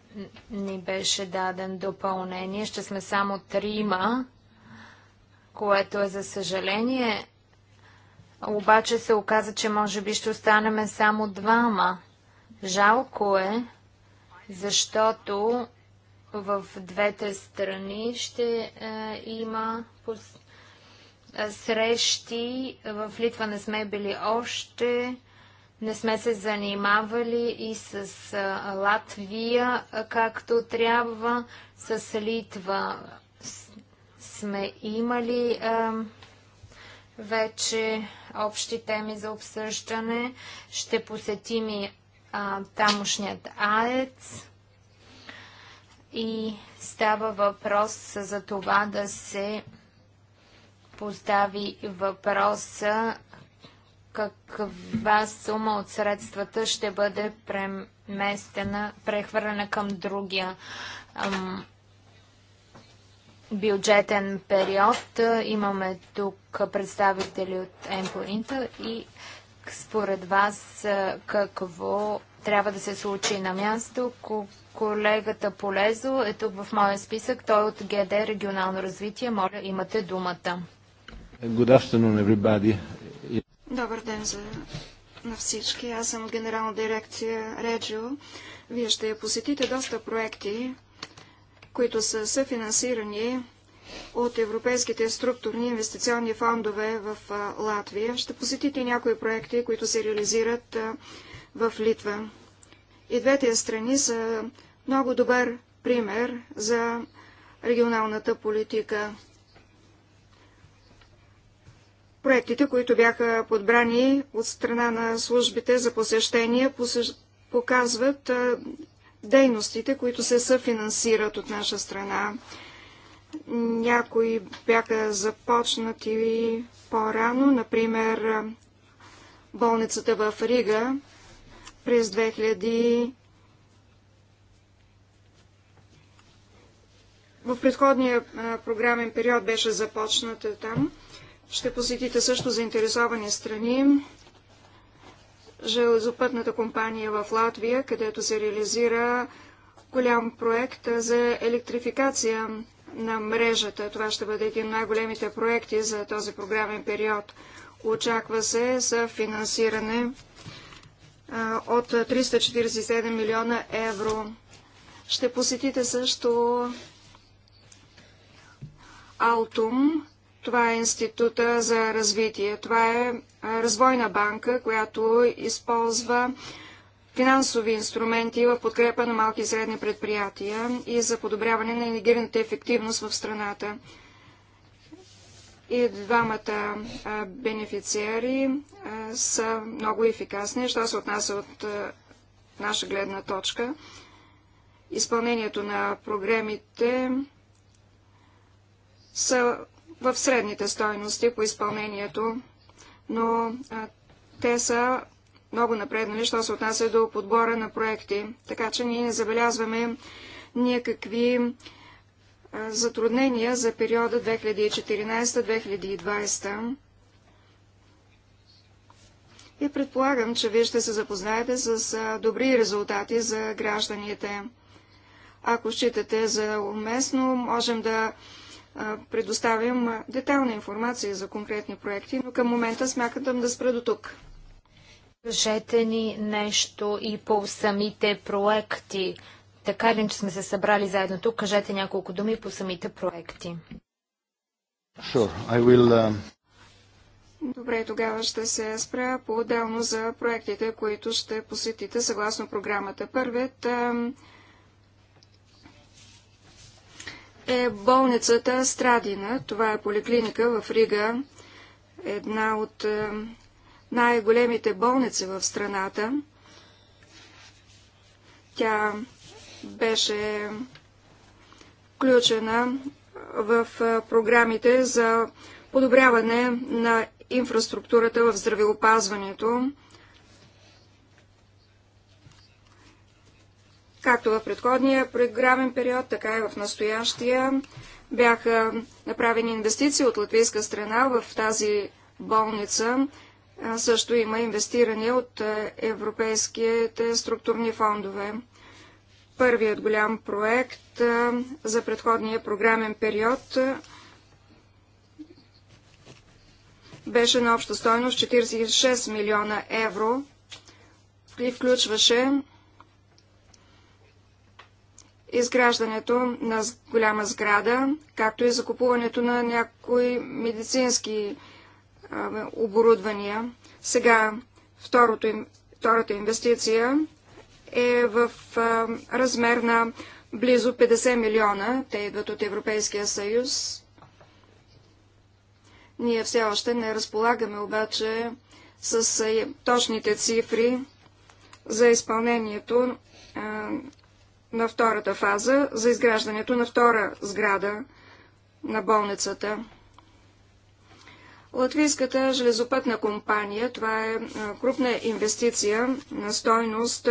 Speaker 1: ни беше даден допълнение. Ще сме само трима, което е за съжаление. Обаче се оказа, че може би ще останеме само двама. Жалко е, защото в двете страни ще е, има е, срещи. В Литва не сме били още. Не сме се занимавали и с е, Латвия, както трябва. С Литва сме имали вече общи теми за обсъждане. Ще посетим и тамошният АЕЦ и става въпрос за това да се постави въпроса каква сума от средствата ще бъде преместена, прехвърлена към другия ам, бюджетен период. Имаме тук представители от Ample и според вас какво трябва да се случи на място, Колегата Полезо е тук в моя списък. Той е от ГД Регионално развитие. Моля, имате думата.
Speaker 2: Добър ден за... на всички. Аз съм генерална дирекция Реджио. Вие ще посетите доста проекти, които са съфинансирани от европейските структурни инвестиционни фондове в Латвия. Ще посетите някои проекти, които се реализират в Литва. И двете страни са много добър пример за регионалната политика. Проектите, които бяха подбрани от страна на службите за посещение, показват дейностите, които се съфинансират от наша страна. Някои бяха започнати по-рано, например болницата в Рига през 2000 в предходния програмен период беше започната там. Ще посетите също заинтересовани страни. Железопътната компания в Латвия, където се реализира голям проект за електрификация на мрежата. Това ще бъде един от най-големите проекти за този програмен период. Очаква се за финансиране от 347 милиона евро. Ще посетите също Алтум. Това е Института за развитие. Това е, е развойна банка, която използва финансови инструменти в подкрепа на малки и средни предприятия и за подобряване на енергийната ефективност в страната. И двамата бенефициари са много ефикасни, що се отнася от наша гледна точка. Изпълнението на програмите са в средните стойности по изпълнението, но а, те са много напреднали, що се отнася до подбора на проекти. Така че ние не забелязваме никакви а, затруднения за периода 2014-2020. И предполагам, че вие ще се запознаете с а, добри резултати за гражданите. Ако считате за уместно, можем да предоставям детална информация за конкретни проекти, но към момента смятам да спра до тук. Кажете ни
Speaker 1: нещо и по самите проекти. Така ли, че сме се събрали заедно тук, кажете няколко думи по самите проекти.
Speaker 4: Sure, I will, uh...
Speaker 2: Добре, тогава ще се спра по-отделно за проектите, които ще посетите съгласно програмата. Първият uh е болницата Страдина. Това е поликлиника в Рига, една от е, най-големите болници в страната. Тя беше включена в е, програмите за подобряване на инфраструктурата в здравеопазването. Както в предходния програмен период, така и в настоящия бяха направени инвестиции от латвийска страна в тази болница. също има инвестиране от европейските структурни фондове. Първият голям проект за предходния програмен период беше на обща стойност 46 милиона евро и включваше изграждането на голяма сграда, както и закупуването на някои медицински а, оборудвания. Сега второто, втората инвестиция е в а, размер на близо 50 милиона. Те идват от Европейския съюз. Ние все още не разполагаме обаче с а, точните цифри за изпълнението на втората фаза за изграждането на втора сграда на болницата. Латвийската железопътна компания, това е, е крупна инвестиция на стойност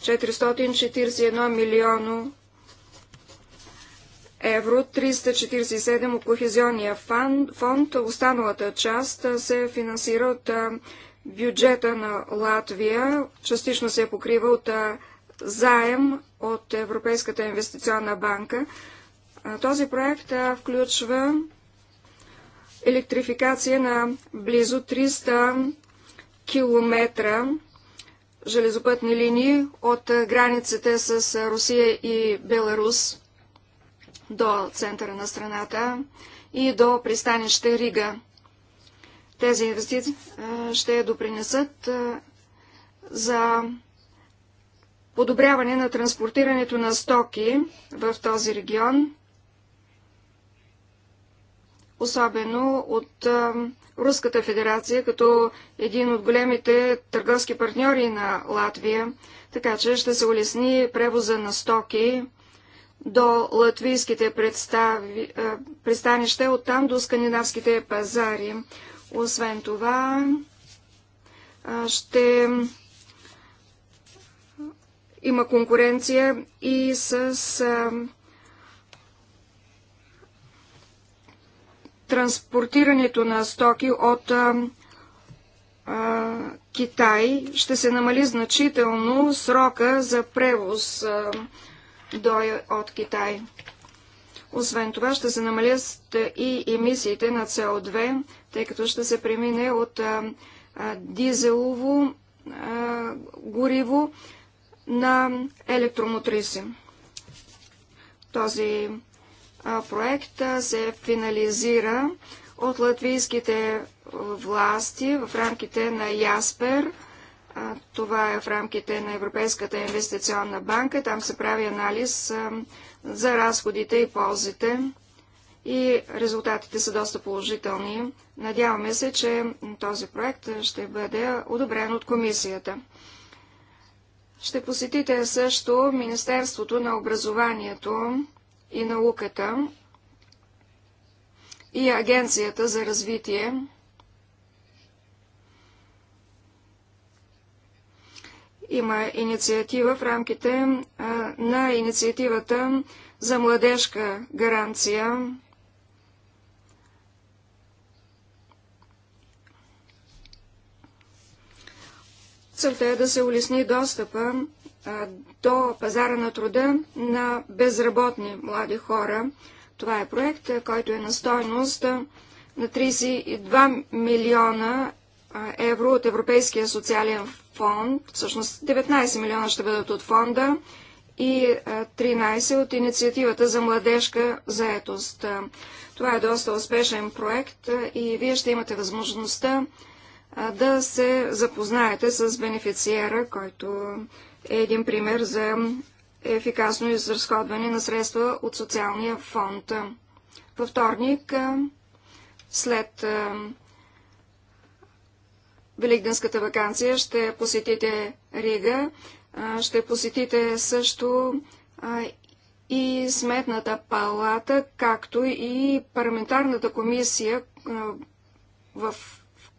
Speaker 2: 441 милиона евро, 347 от Кохезионния фонд. Останалата част се финансира от бюджета на Латвия, частично се покрива от заем от Европейската инвестиционна банка. Този проект включва електрификация на близо 300 км железопътни линии от границите с Русия и Беларус до центъра на страната и до пристанище Рига. Тези инвестиции ще допринесат за подобряване на транспортирането на стоки в този регион, особено от Руската федерация, като един от големите търговски партньори на Латвия, така че ще се улесни превоза на стоки до латвийските представи, от пристанища, оттам до скандинавските пазари. Освен това, ще има конкуренция и с а, транспортирането на стоки от а, а, Китай ще се намали значително срока за превоз а, до от Китай. Освен това ще се намалят и емисиите на СО2, тъй като ще се премине от а, а, дизелово а, гориво на електромотриси. Този проект се финализира от латвийските власти в рамките на Яспер. Това е в рамките на Европейската инвестиционна банка. Там се прави анализ за разходите и ползите и резултатите са доста положителни. Надяваме се, че този проект ще бъде одобрен от комисията. Ще посетите също Министерството на образованието и науката и Агенцията за развитие. Има инициатива в рамките на инициативата за младежка гаранция Целта е да се улесни достъпа а, до пазара на труда на безработни млади хора. Това е проект, който е на стойност на 32 милиона евро от Европейския социален фонд. Всъщност 19 милиона ще бъдат от фонда и 13 от инициативата за младежка заетост. Това е доста успешен проект и вие ще имате възможността да се запознаете с бенефициера, който е един пример за ефикасно изразходване на средства от социалния фонд. Във вторник, след Великденската вакансия, ще посетите Рига, ще посетите също и Сметната палата, както и парламентарната комисия в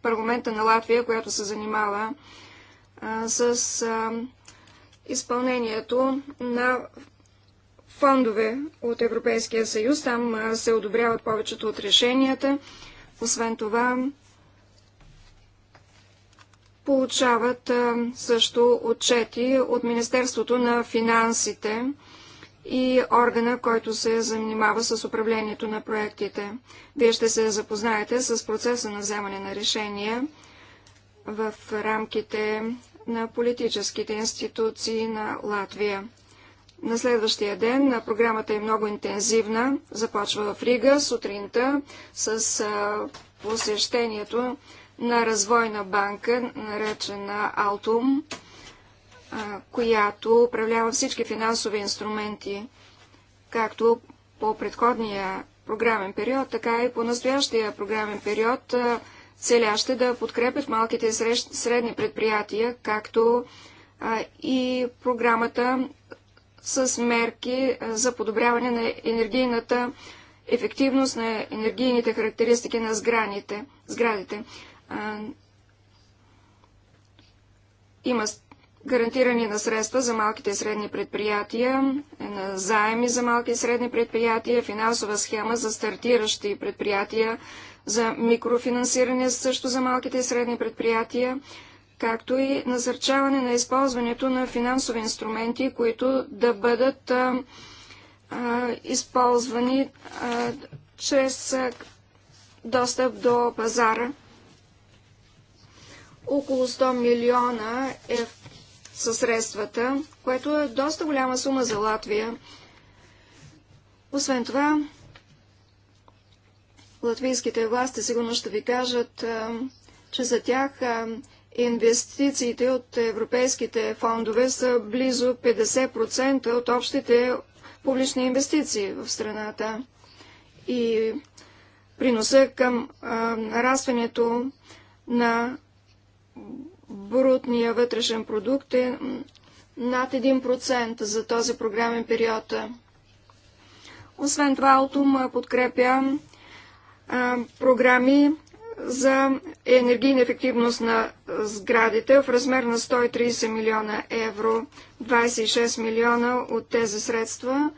Speaker 2: парламента на Латвия, която се занимава а, с а, изпълнението на фондове от Европейския съюз. Там а, се одобряват повечето от решенията. Освен това, получават също отчети от Министерството на финансите и органа, който се занимава с управлението на проектите. Вие ще се запознаете с процеса на вземане на решения в рамките на политическите институции на Латвия. На следващия ден програмата е много интензивна. Започва в Рига сутринта с посещението на развойна банка, наречена Алтум която управлява всички финансови инструменти, както по предходния програмен период, така и по настоящия програмен период, целящи да подкрепят малките и средни предприятия, както и програмата с мерки за подобряване на енергийната ефективност на енергийните характеристики на сградите. сградите. Има гарантиране на средства за малките и средни предприятия, е на заеми за малки и средни предприятия, финансова схема за стартиращи предприятия, за микрофинансиране също за малките и средни предприятия, както и насърчаване на използването на финансови инструменти, които да бъдат а, а, използвани а, чрез достъп до пазара. Около 100 милиона е със средствата, което е доста голяма сума за Латвия. Освен това, латвийските власти сигурно ще ви кажат, че за тях инвестициите от европейските фондове са близо 50% от общите публични инвестиции в страната. И приноса към нарастването на брутния вътрешен продукт е над 1% за този програмен период. Освен това, Алтум подкрепя а, програми за енергийна ефективност на сградите в размер на 130 милиона евро. 26 милиона от тези средства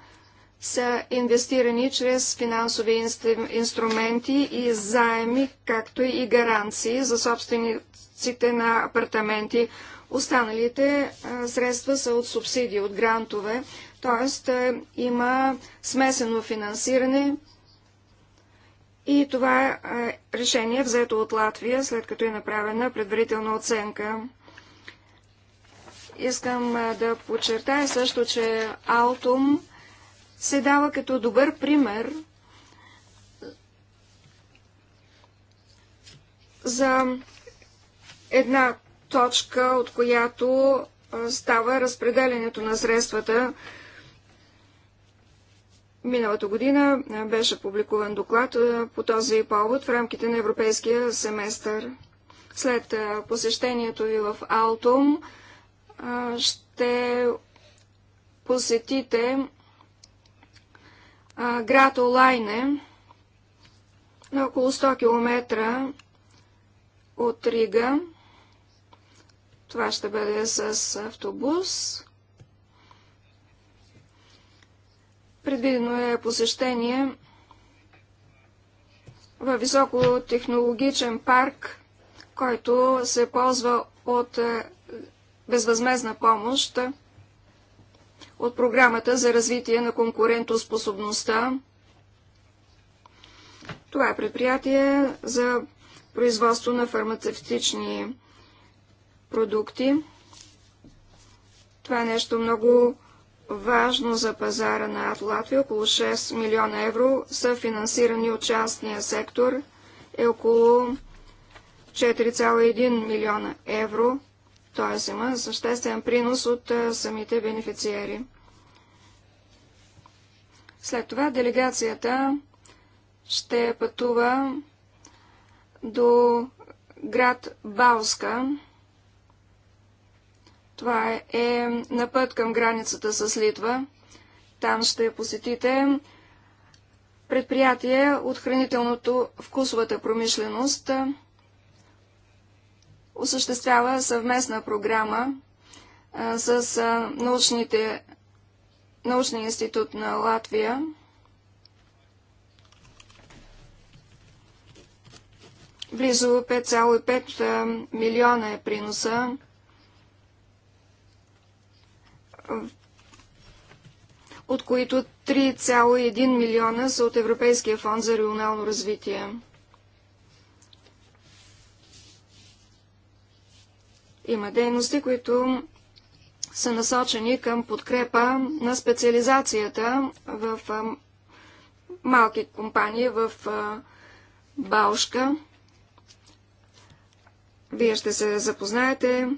Speaker 2: са инвестирани чрез финансови инструменти и заеми, както и гаранции за собствениците на апартаменти. Останалите средства са от субсидии, от грантове, т.е. има смесено финансиране и това е решение взето от Латвия, след като е направена предварителна оценка. Искам да подчертая също, че Алтум – се дава като добър пример за една точка, от която става разпределянето на средствата. Миналата година беше публикуван доклад по този повод в рамките на европейския семестър. След посещението ви в Алтум ще посетите град Олайне на около 100 км от Рига. Това ще бъде с автобус. Предвидено е посещение във високотехнологичен парк, който се ползва от е, безвъзмезна помощ от програмата за развитие на конкурентоспособността. Това е предприятие за производство на фармацевтични продукти. Това е нещо много важно за пазара на Латвия. Около 6 милиона евро са финансирани от частния сектор е около 4,1 милиона евро т.е. има съществен принос от самите бенефициери. След това делегацията ще пътува до град Бауска. Това е, е на път към границата с Литва. Там ще посетите предприятие от хранителното вкусовата промишленост – осъществява съвместна програма с научните, научния институт на Латвия. Близо 5,5 милиона е приноса. от които 3,1 милиона са от Европейския фонд за регионално развитие. Има дейности, които са насочени към подкрепа на специализацията в малки компании в Баушка. Вие ще се запознаете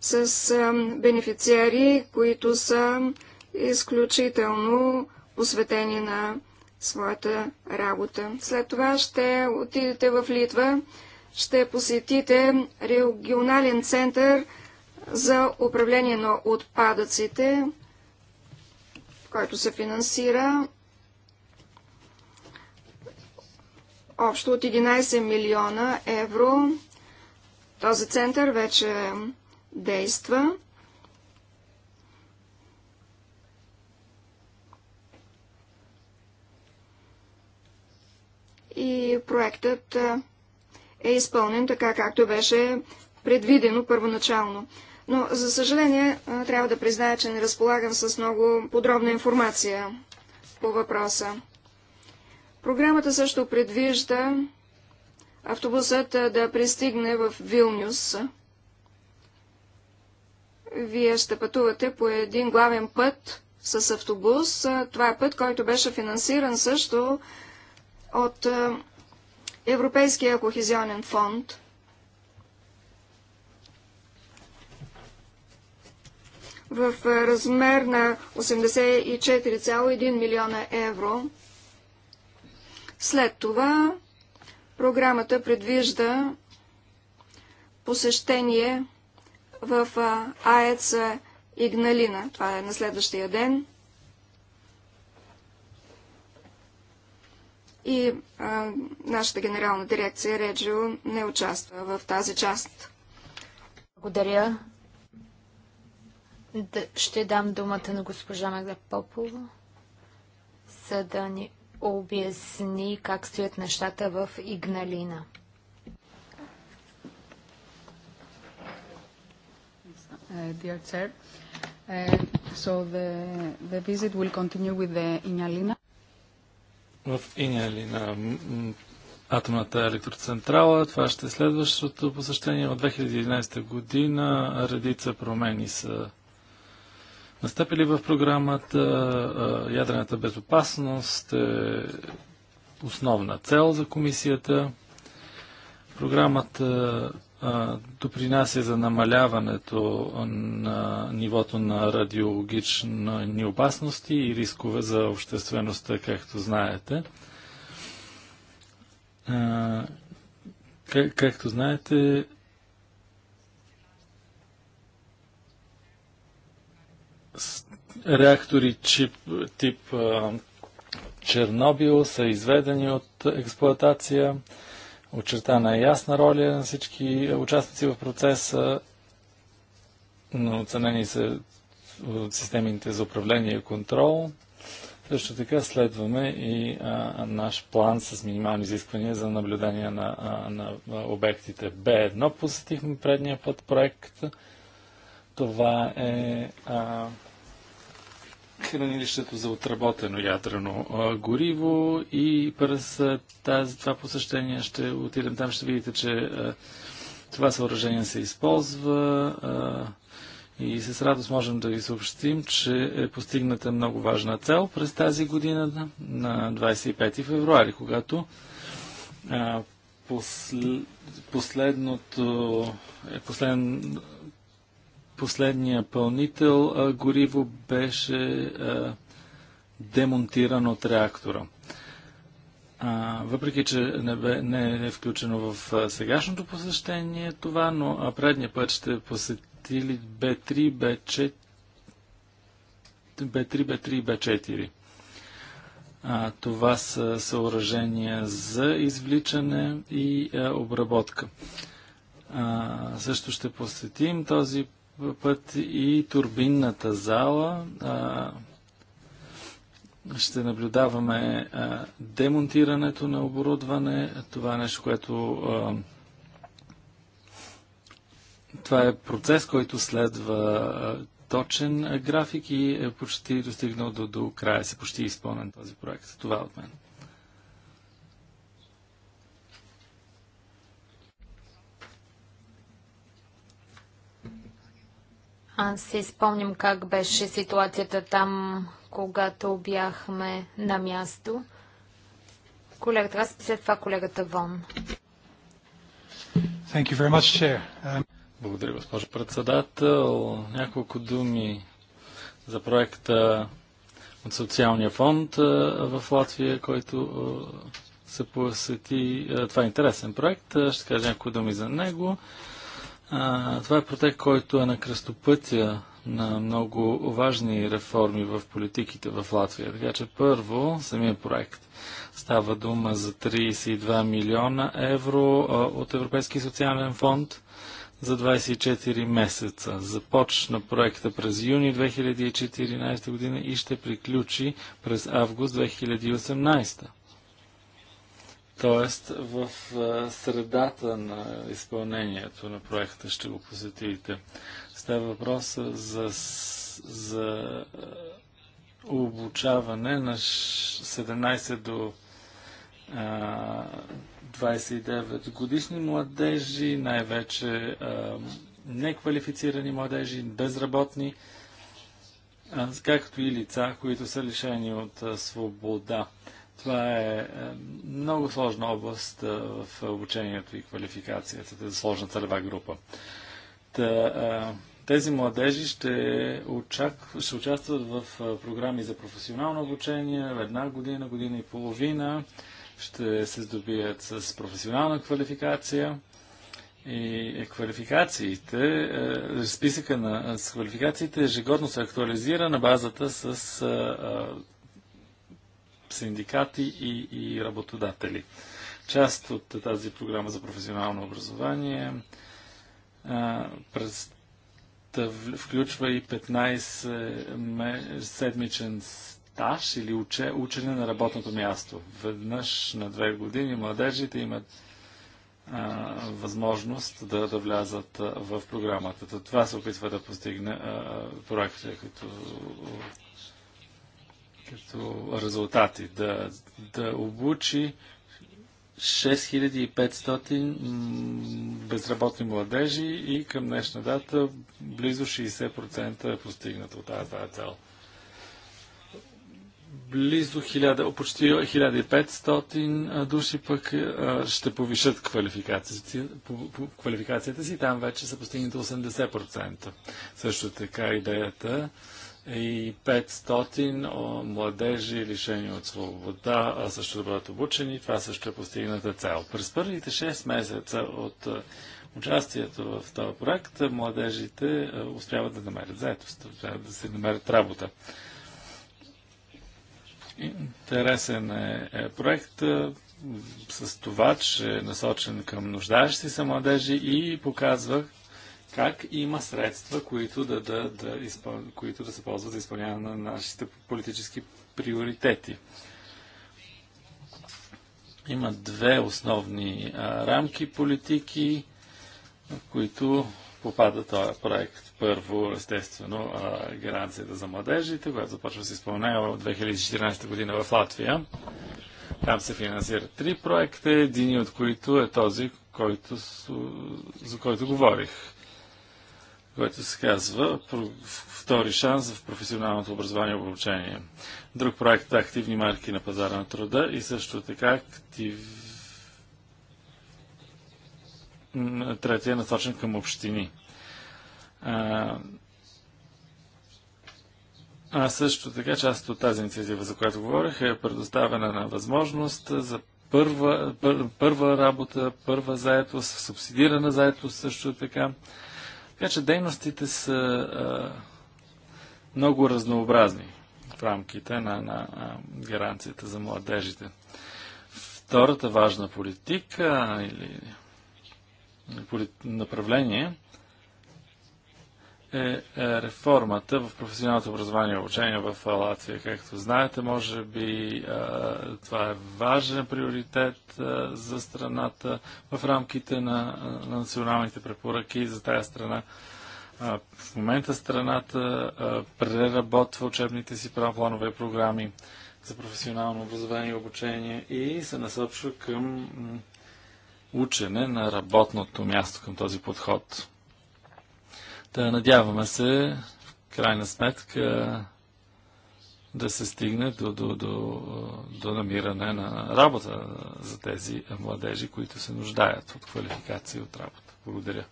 Speaker 2: с бенефициари, които са изключително посветени на своята работа. След това ще отидете в Литва ще посетите регионален център за управление на отпадъците, който се финансира общо от 11 милиона евро. Този център вече действа. И проектът е изпълнен така, както беше предвидено първоначално. Но, за съжаление, трябва да призная, че не разполагам с много подробна информация по въпроса. Програмата също предвижда автобусът да пристигне в Вилнюс. Вие ще пътувате по един главен път с автобус. Това е път, който беше финансиран също от Европейския кохезионен фонд. в размер на 84,1 милиона евро. След това програмата предвижда посещение в АЕЦ Игналина. Това е на следващия ден. и а, нашата генерална дирекция Реджио не участва в тази част. Благодаря. Да, ще дам думата на госпожа Магда Попова,
Speaker 1: за да ни обясни как стоят нещата в
Speaker 2: Игналина. Uh, dear Chair, uh, so the, the visit will continue with the Ignalina
Speaker 4: в на атомната електроцентрала. Това ще е следващото посещение от 2011 година. Редица промени са настъпили в програмата. Ядрената безопасност е основна цел за комисията. Програмата допринася за намаляването на нивото на радиологични опасности и рискове за обществеността, както знаете. Как, както знаете, реактори чип, тип Чернобил са изведени от експлоатация. Очертана е ясна роля на всички участници в процеса, но оценени са системите за управление и контрол. Също така следваме и а, наш план с минимални изисквания за наблюдение на, а, на обектите. Б1 посетихме предния път проект. Това е а, хранилището за отработено ядрено гориво и през тази, това посещение ще отидем там, ще видите, че това съоръжение се използва и с радост можем да ви съобщим, че е постигната много важна цел през тази година на 25 февруари, когато послед, последното е последно Последния пълнител а, гориво беше а, демонтиран от реактора. А, въпреки, че не, бе, не е включено в а, сегашното посещение това, но а предния път ще посетили B3, B4, B3, B3 и B4. А, това са съоръжения за извличане и а, обработка. А, също ще посетим този път и турбинната зала. А, ще наблюдаваме а, демонтирането на оборудване. Това е нещо, което. А, това е процес, който следва точен график и е почти достигнал до, до края, се почти изпълнен този проект. Това е от мен.
Speaker 1: Аз си спомням как беше ситуацията там, когато бяхме на място. Колегата, аз след това колегата Вон.
Speaker 3: Thank you very much, Chair. Um...
Speaker 4: Благодаря, госпожо председател. Няколко думи за проекта от социалния фонд в Латвия, който се посети. Това е интересен проект. Ще кажа няколко думи за него. А, това е протек, който е на кръстопътя на много важни реформи в политиките в Латвия. Така че първо, самия проект. Става дума за 32 милиона евро а, от Европейски социален фонд за 24 месеца. Започна проекта през юни 2014 година и ще приключи през август 2018. Тоест, в средата на изпълнението на проекта ще го посетите. Става въпрос за, за обучаване на 17 до 29 годишни младежи, най-вече неквалифицирани младежи, безработни, както и лица, които са лишени от свобода. Това е, е много сложна област е, в обучението и квалификацията, тази сложна целева група. Та, е, тези младежи ще, очакв... ще участват в програми за професионално обучение една година, година и половина. Ще се здобият с професионална квалификация и квалификациите, списъка на, с квалификациите ежегодно се актуализира на базата с синдикати и, и работодатели. Част от тази програма за професионално образование а, през, да включва и 15 седмичен стаж или уче, учене на работното място. Веднъж на две години младежите имат а, възможност да, да влязат а, в програмата. Това се опитва да постигне а, проекта, като като резултати. Да, да обучи 6500 безработни младежи и към днешна дата близо 60% е постигнато от тази цел. Близо 1000, почти 1500 души пък ще повишат квалификацията, квалификацията си. Там вече са постигнати 80%. Също така идеята и 500 младежи лишени от свобода а също да бъдат обучени. Това също е постигната цел. През първите 6 месеца от участието в този проект младежите успяват да намерят заедост, да се намерят работа. Интересен е, е проект с това, че е насочен към нуждаещи се младежи и показвах как има средства, които да, да, да, изпъл... които да се ползват за изпълняване на нашите политически приоритети. Има две основни а, рамки политики, в които попада този проект. Първо, естествено, а, гаранцията за младежите, която започва да се изпълнява от 2014 година в Латвия. Там се финансират три проекта, един от които е този, който, за който говорих което се казва Втори шанс в професионалното образование и обучение. Друг проект е Активни марки на пазара на труда и също така актив... Третия е насочен към общини. А... а също така част от тази инициатива, за която говорих, е предоставена на възможност за първа, пър, първа работа, първа заетост, субсидирана заетост също така. Така че дейностите са а, много разнообразни в рамките на, на а, гаранцията за младежите. Втората важна политика или полит... направление е, е реформата в професионалното образование и обучение в Латвия. Както знаете, може би е, това е важен приоритет е, за страната в рамките на, националните препоръки за тая страна. В момента страната преработва учебните си правопланове и програми за професионално образование и обучение и се насочва към учене на работното място към този подход. Та надяваме се, в крайна сметка, да се стигне до, до, до, до намиране на работа за тези младежи, които се нуждаят от квалификация и от работа. Благодаря.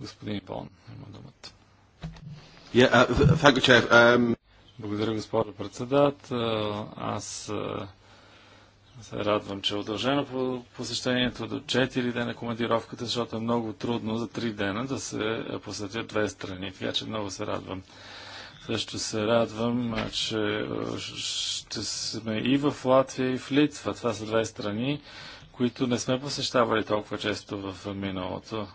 Speaker 4: Господин Бон има думата. Yeah, uh, you, um... Благодаря, госпожо председател. Аз uh, се радвам, че е удължено по посещението до 4 дена командировката, защото е много трудно за 3 дена да се посетят две страни. Така че много се радвам. Също се радвам, че ще сме и в Латвия, и в Литва. Това са две страни, които не сме посещавали толкова често в миналото.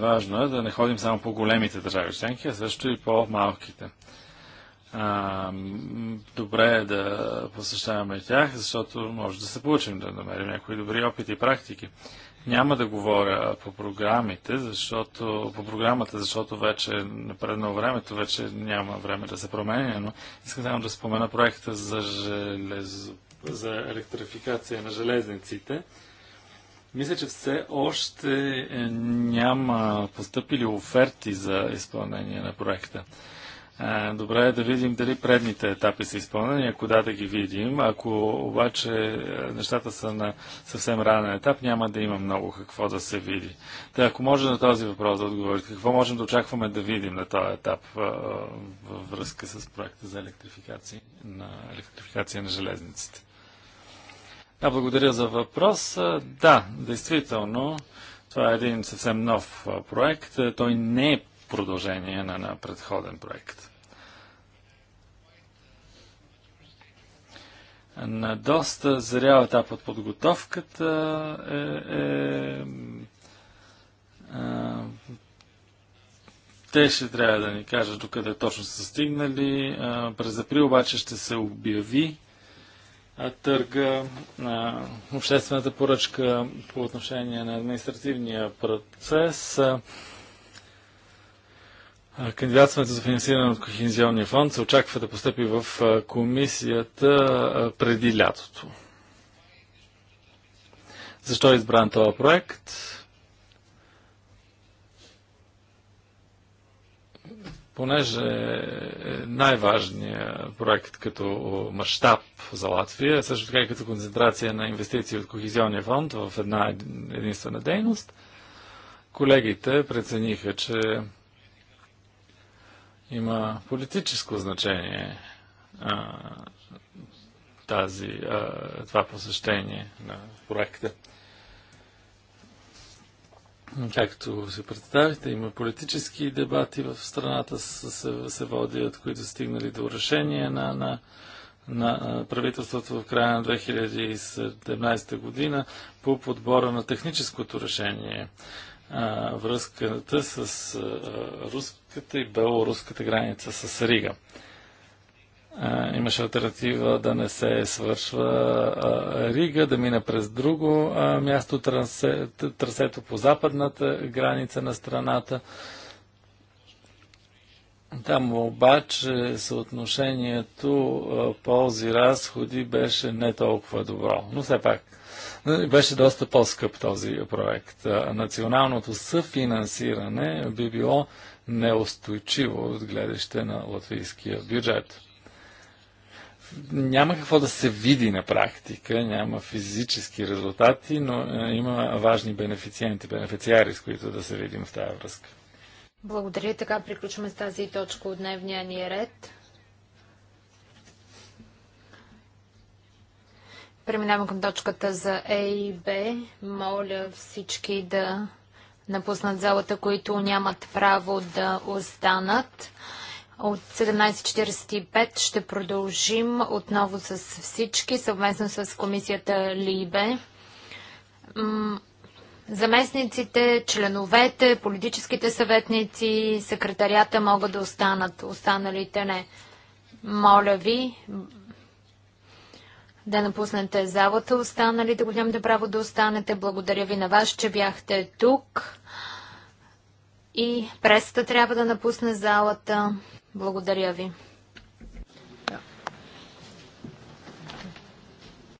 Speaker 4: Важно е да не ходим само по големите държави членки, а също и по малките а, добре е да посещаваме тях, защото може да се получим да намерим някои добри опити и практики. Няма да говоря по програмите, защото, по програмата, защото вече напредно времето, вече няма време да се променя, но искам само да спомена проекта за, железо, за електрификация на железниците. Мисля, че все още няма поступили оферти за изпълнение на проекта добре е да видим дали предните етапи са изпълнени, ако да, да ги видим. Ако обаче нещата са на съвсем ранен етап, няма да има много какво да се види. Та, ако може на този въпрос да отговорите, какво можем да очакваме да видим на този етап във връзка с проекта за електрификация на, електрификация на железниците? Да, благодаря за въпрос. Да, действително, това е един съвсем нов проект. Той не е продължение на, на предходен проект. на доста зрял етап от подготовката е, е, е, те ще трябва да ни кажат докъде точно са стигнали. Е, през април обаче ще се обяви а, търга, а, обществената поръчка по отношение на административния процес. Е, Кандидатстването за финансиране от Кохензионния фонд се очаква да постъпи в комисията преди лятото. Защо е избран този проект? понеже е най-важният проект като мащаб за Латвия, също така и като концентрация на инвестиции от Кохизионния фонд в една единствена дейност, колегите прецениха, че има политическо значение а, тази, а, това посещение на проекта. Както си представите, има политически дебати в страната, се, се води, от които стигнали до решение на, на, на правителството в края на 2017 година по подбора на техническото решение връзката с а, руската и белоруската граница с Рига. А, имаше альтернатива да не се свършва а, Рига, да мина през друго а, място, трасе, трасето по западната граница на страната. Там обаче съотношението ползи-разходи беше не толкова добро, но все пак беше доста по-скъп този проект. Националното съфинансиране би било неустойчиво от гледаще на латвийския бюджет няма какво да се види на практика, няма физически резултати, но има важни бенефициенти, бенефициари, с които да се видим в тази връзка.
Speaker 1: Благодаря. Така приключваме с тази точка от дневния ни ред. Преминавам към точката за Е и Б. Моля всички да напуснат залата, които нямат право да останат. От 17.45 ще продължим отново с всички, съвместно с комисията Либе. Заместниците, членовете, политическите съветници, секретарията могат да останат, останалите не. Моля ви, да напуснете залата. Останалите го нямате право да останете. Благодаря ви на вас, че бяхте тук. И пресата трябва да напусне залата. Благодаря ви.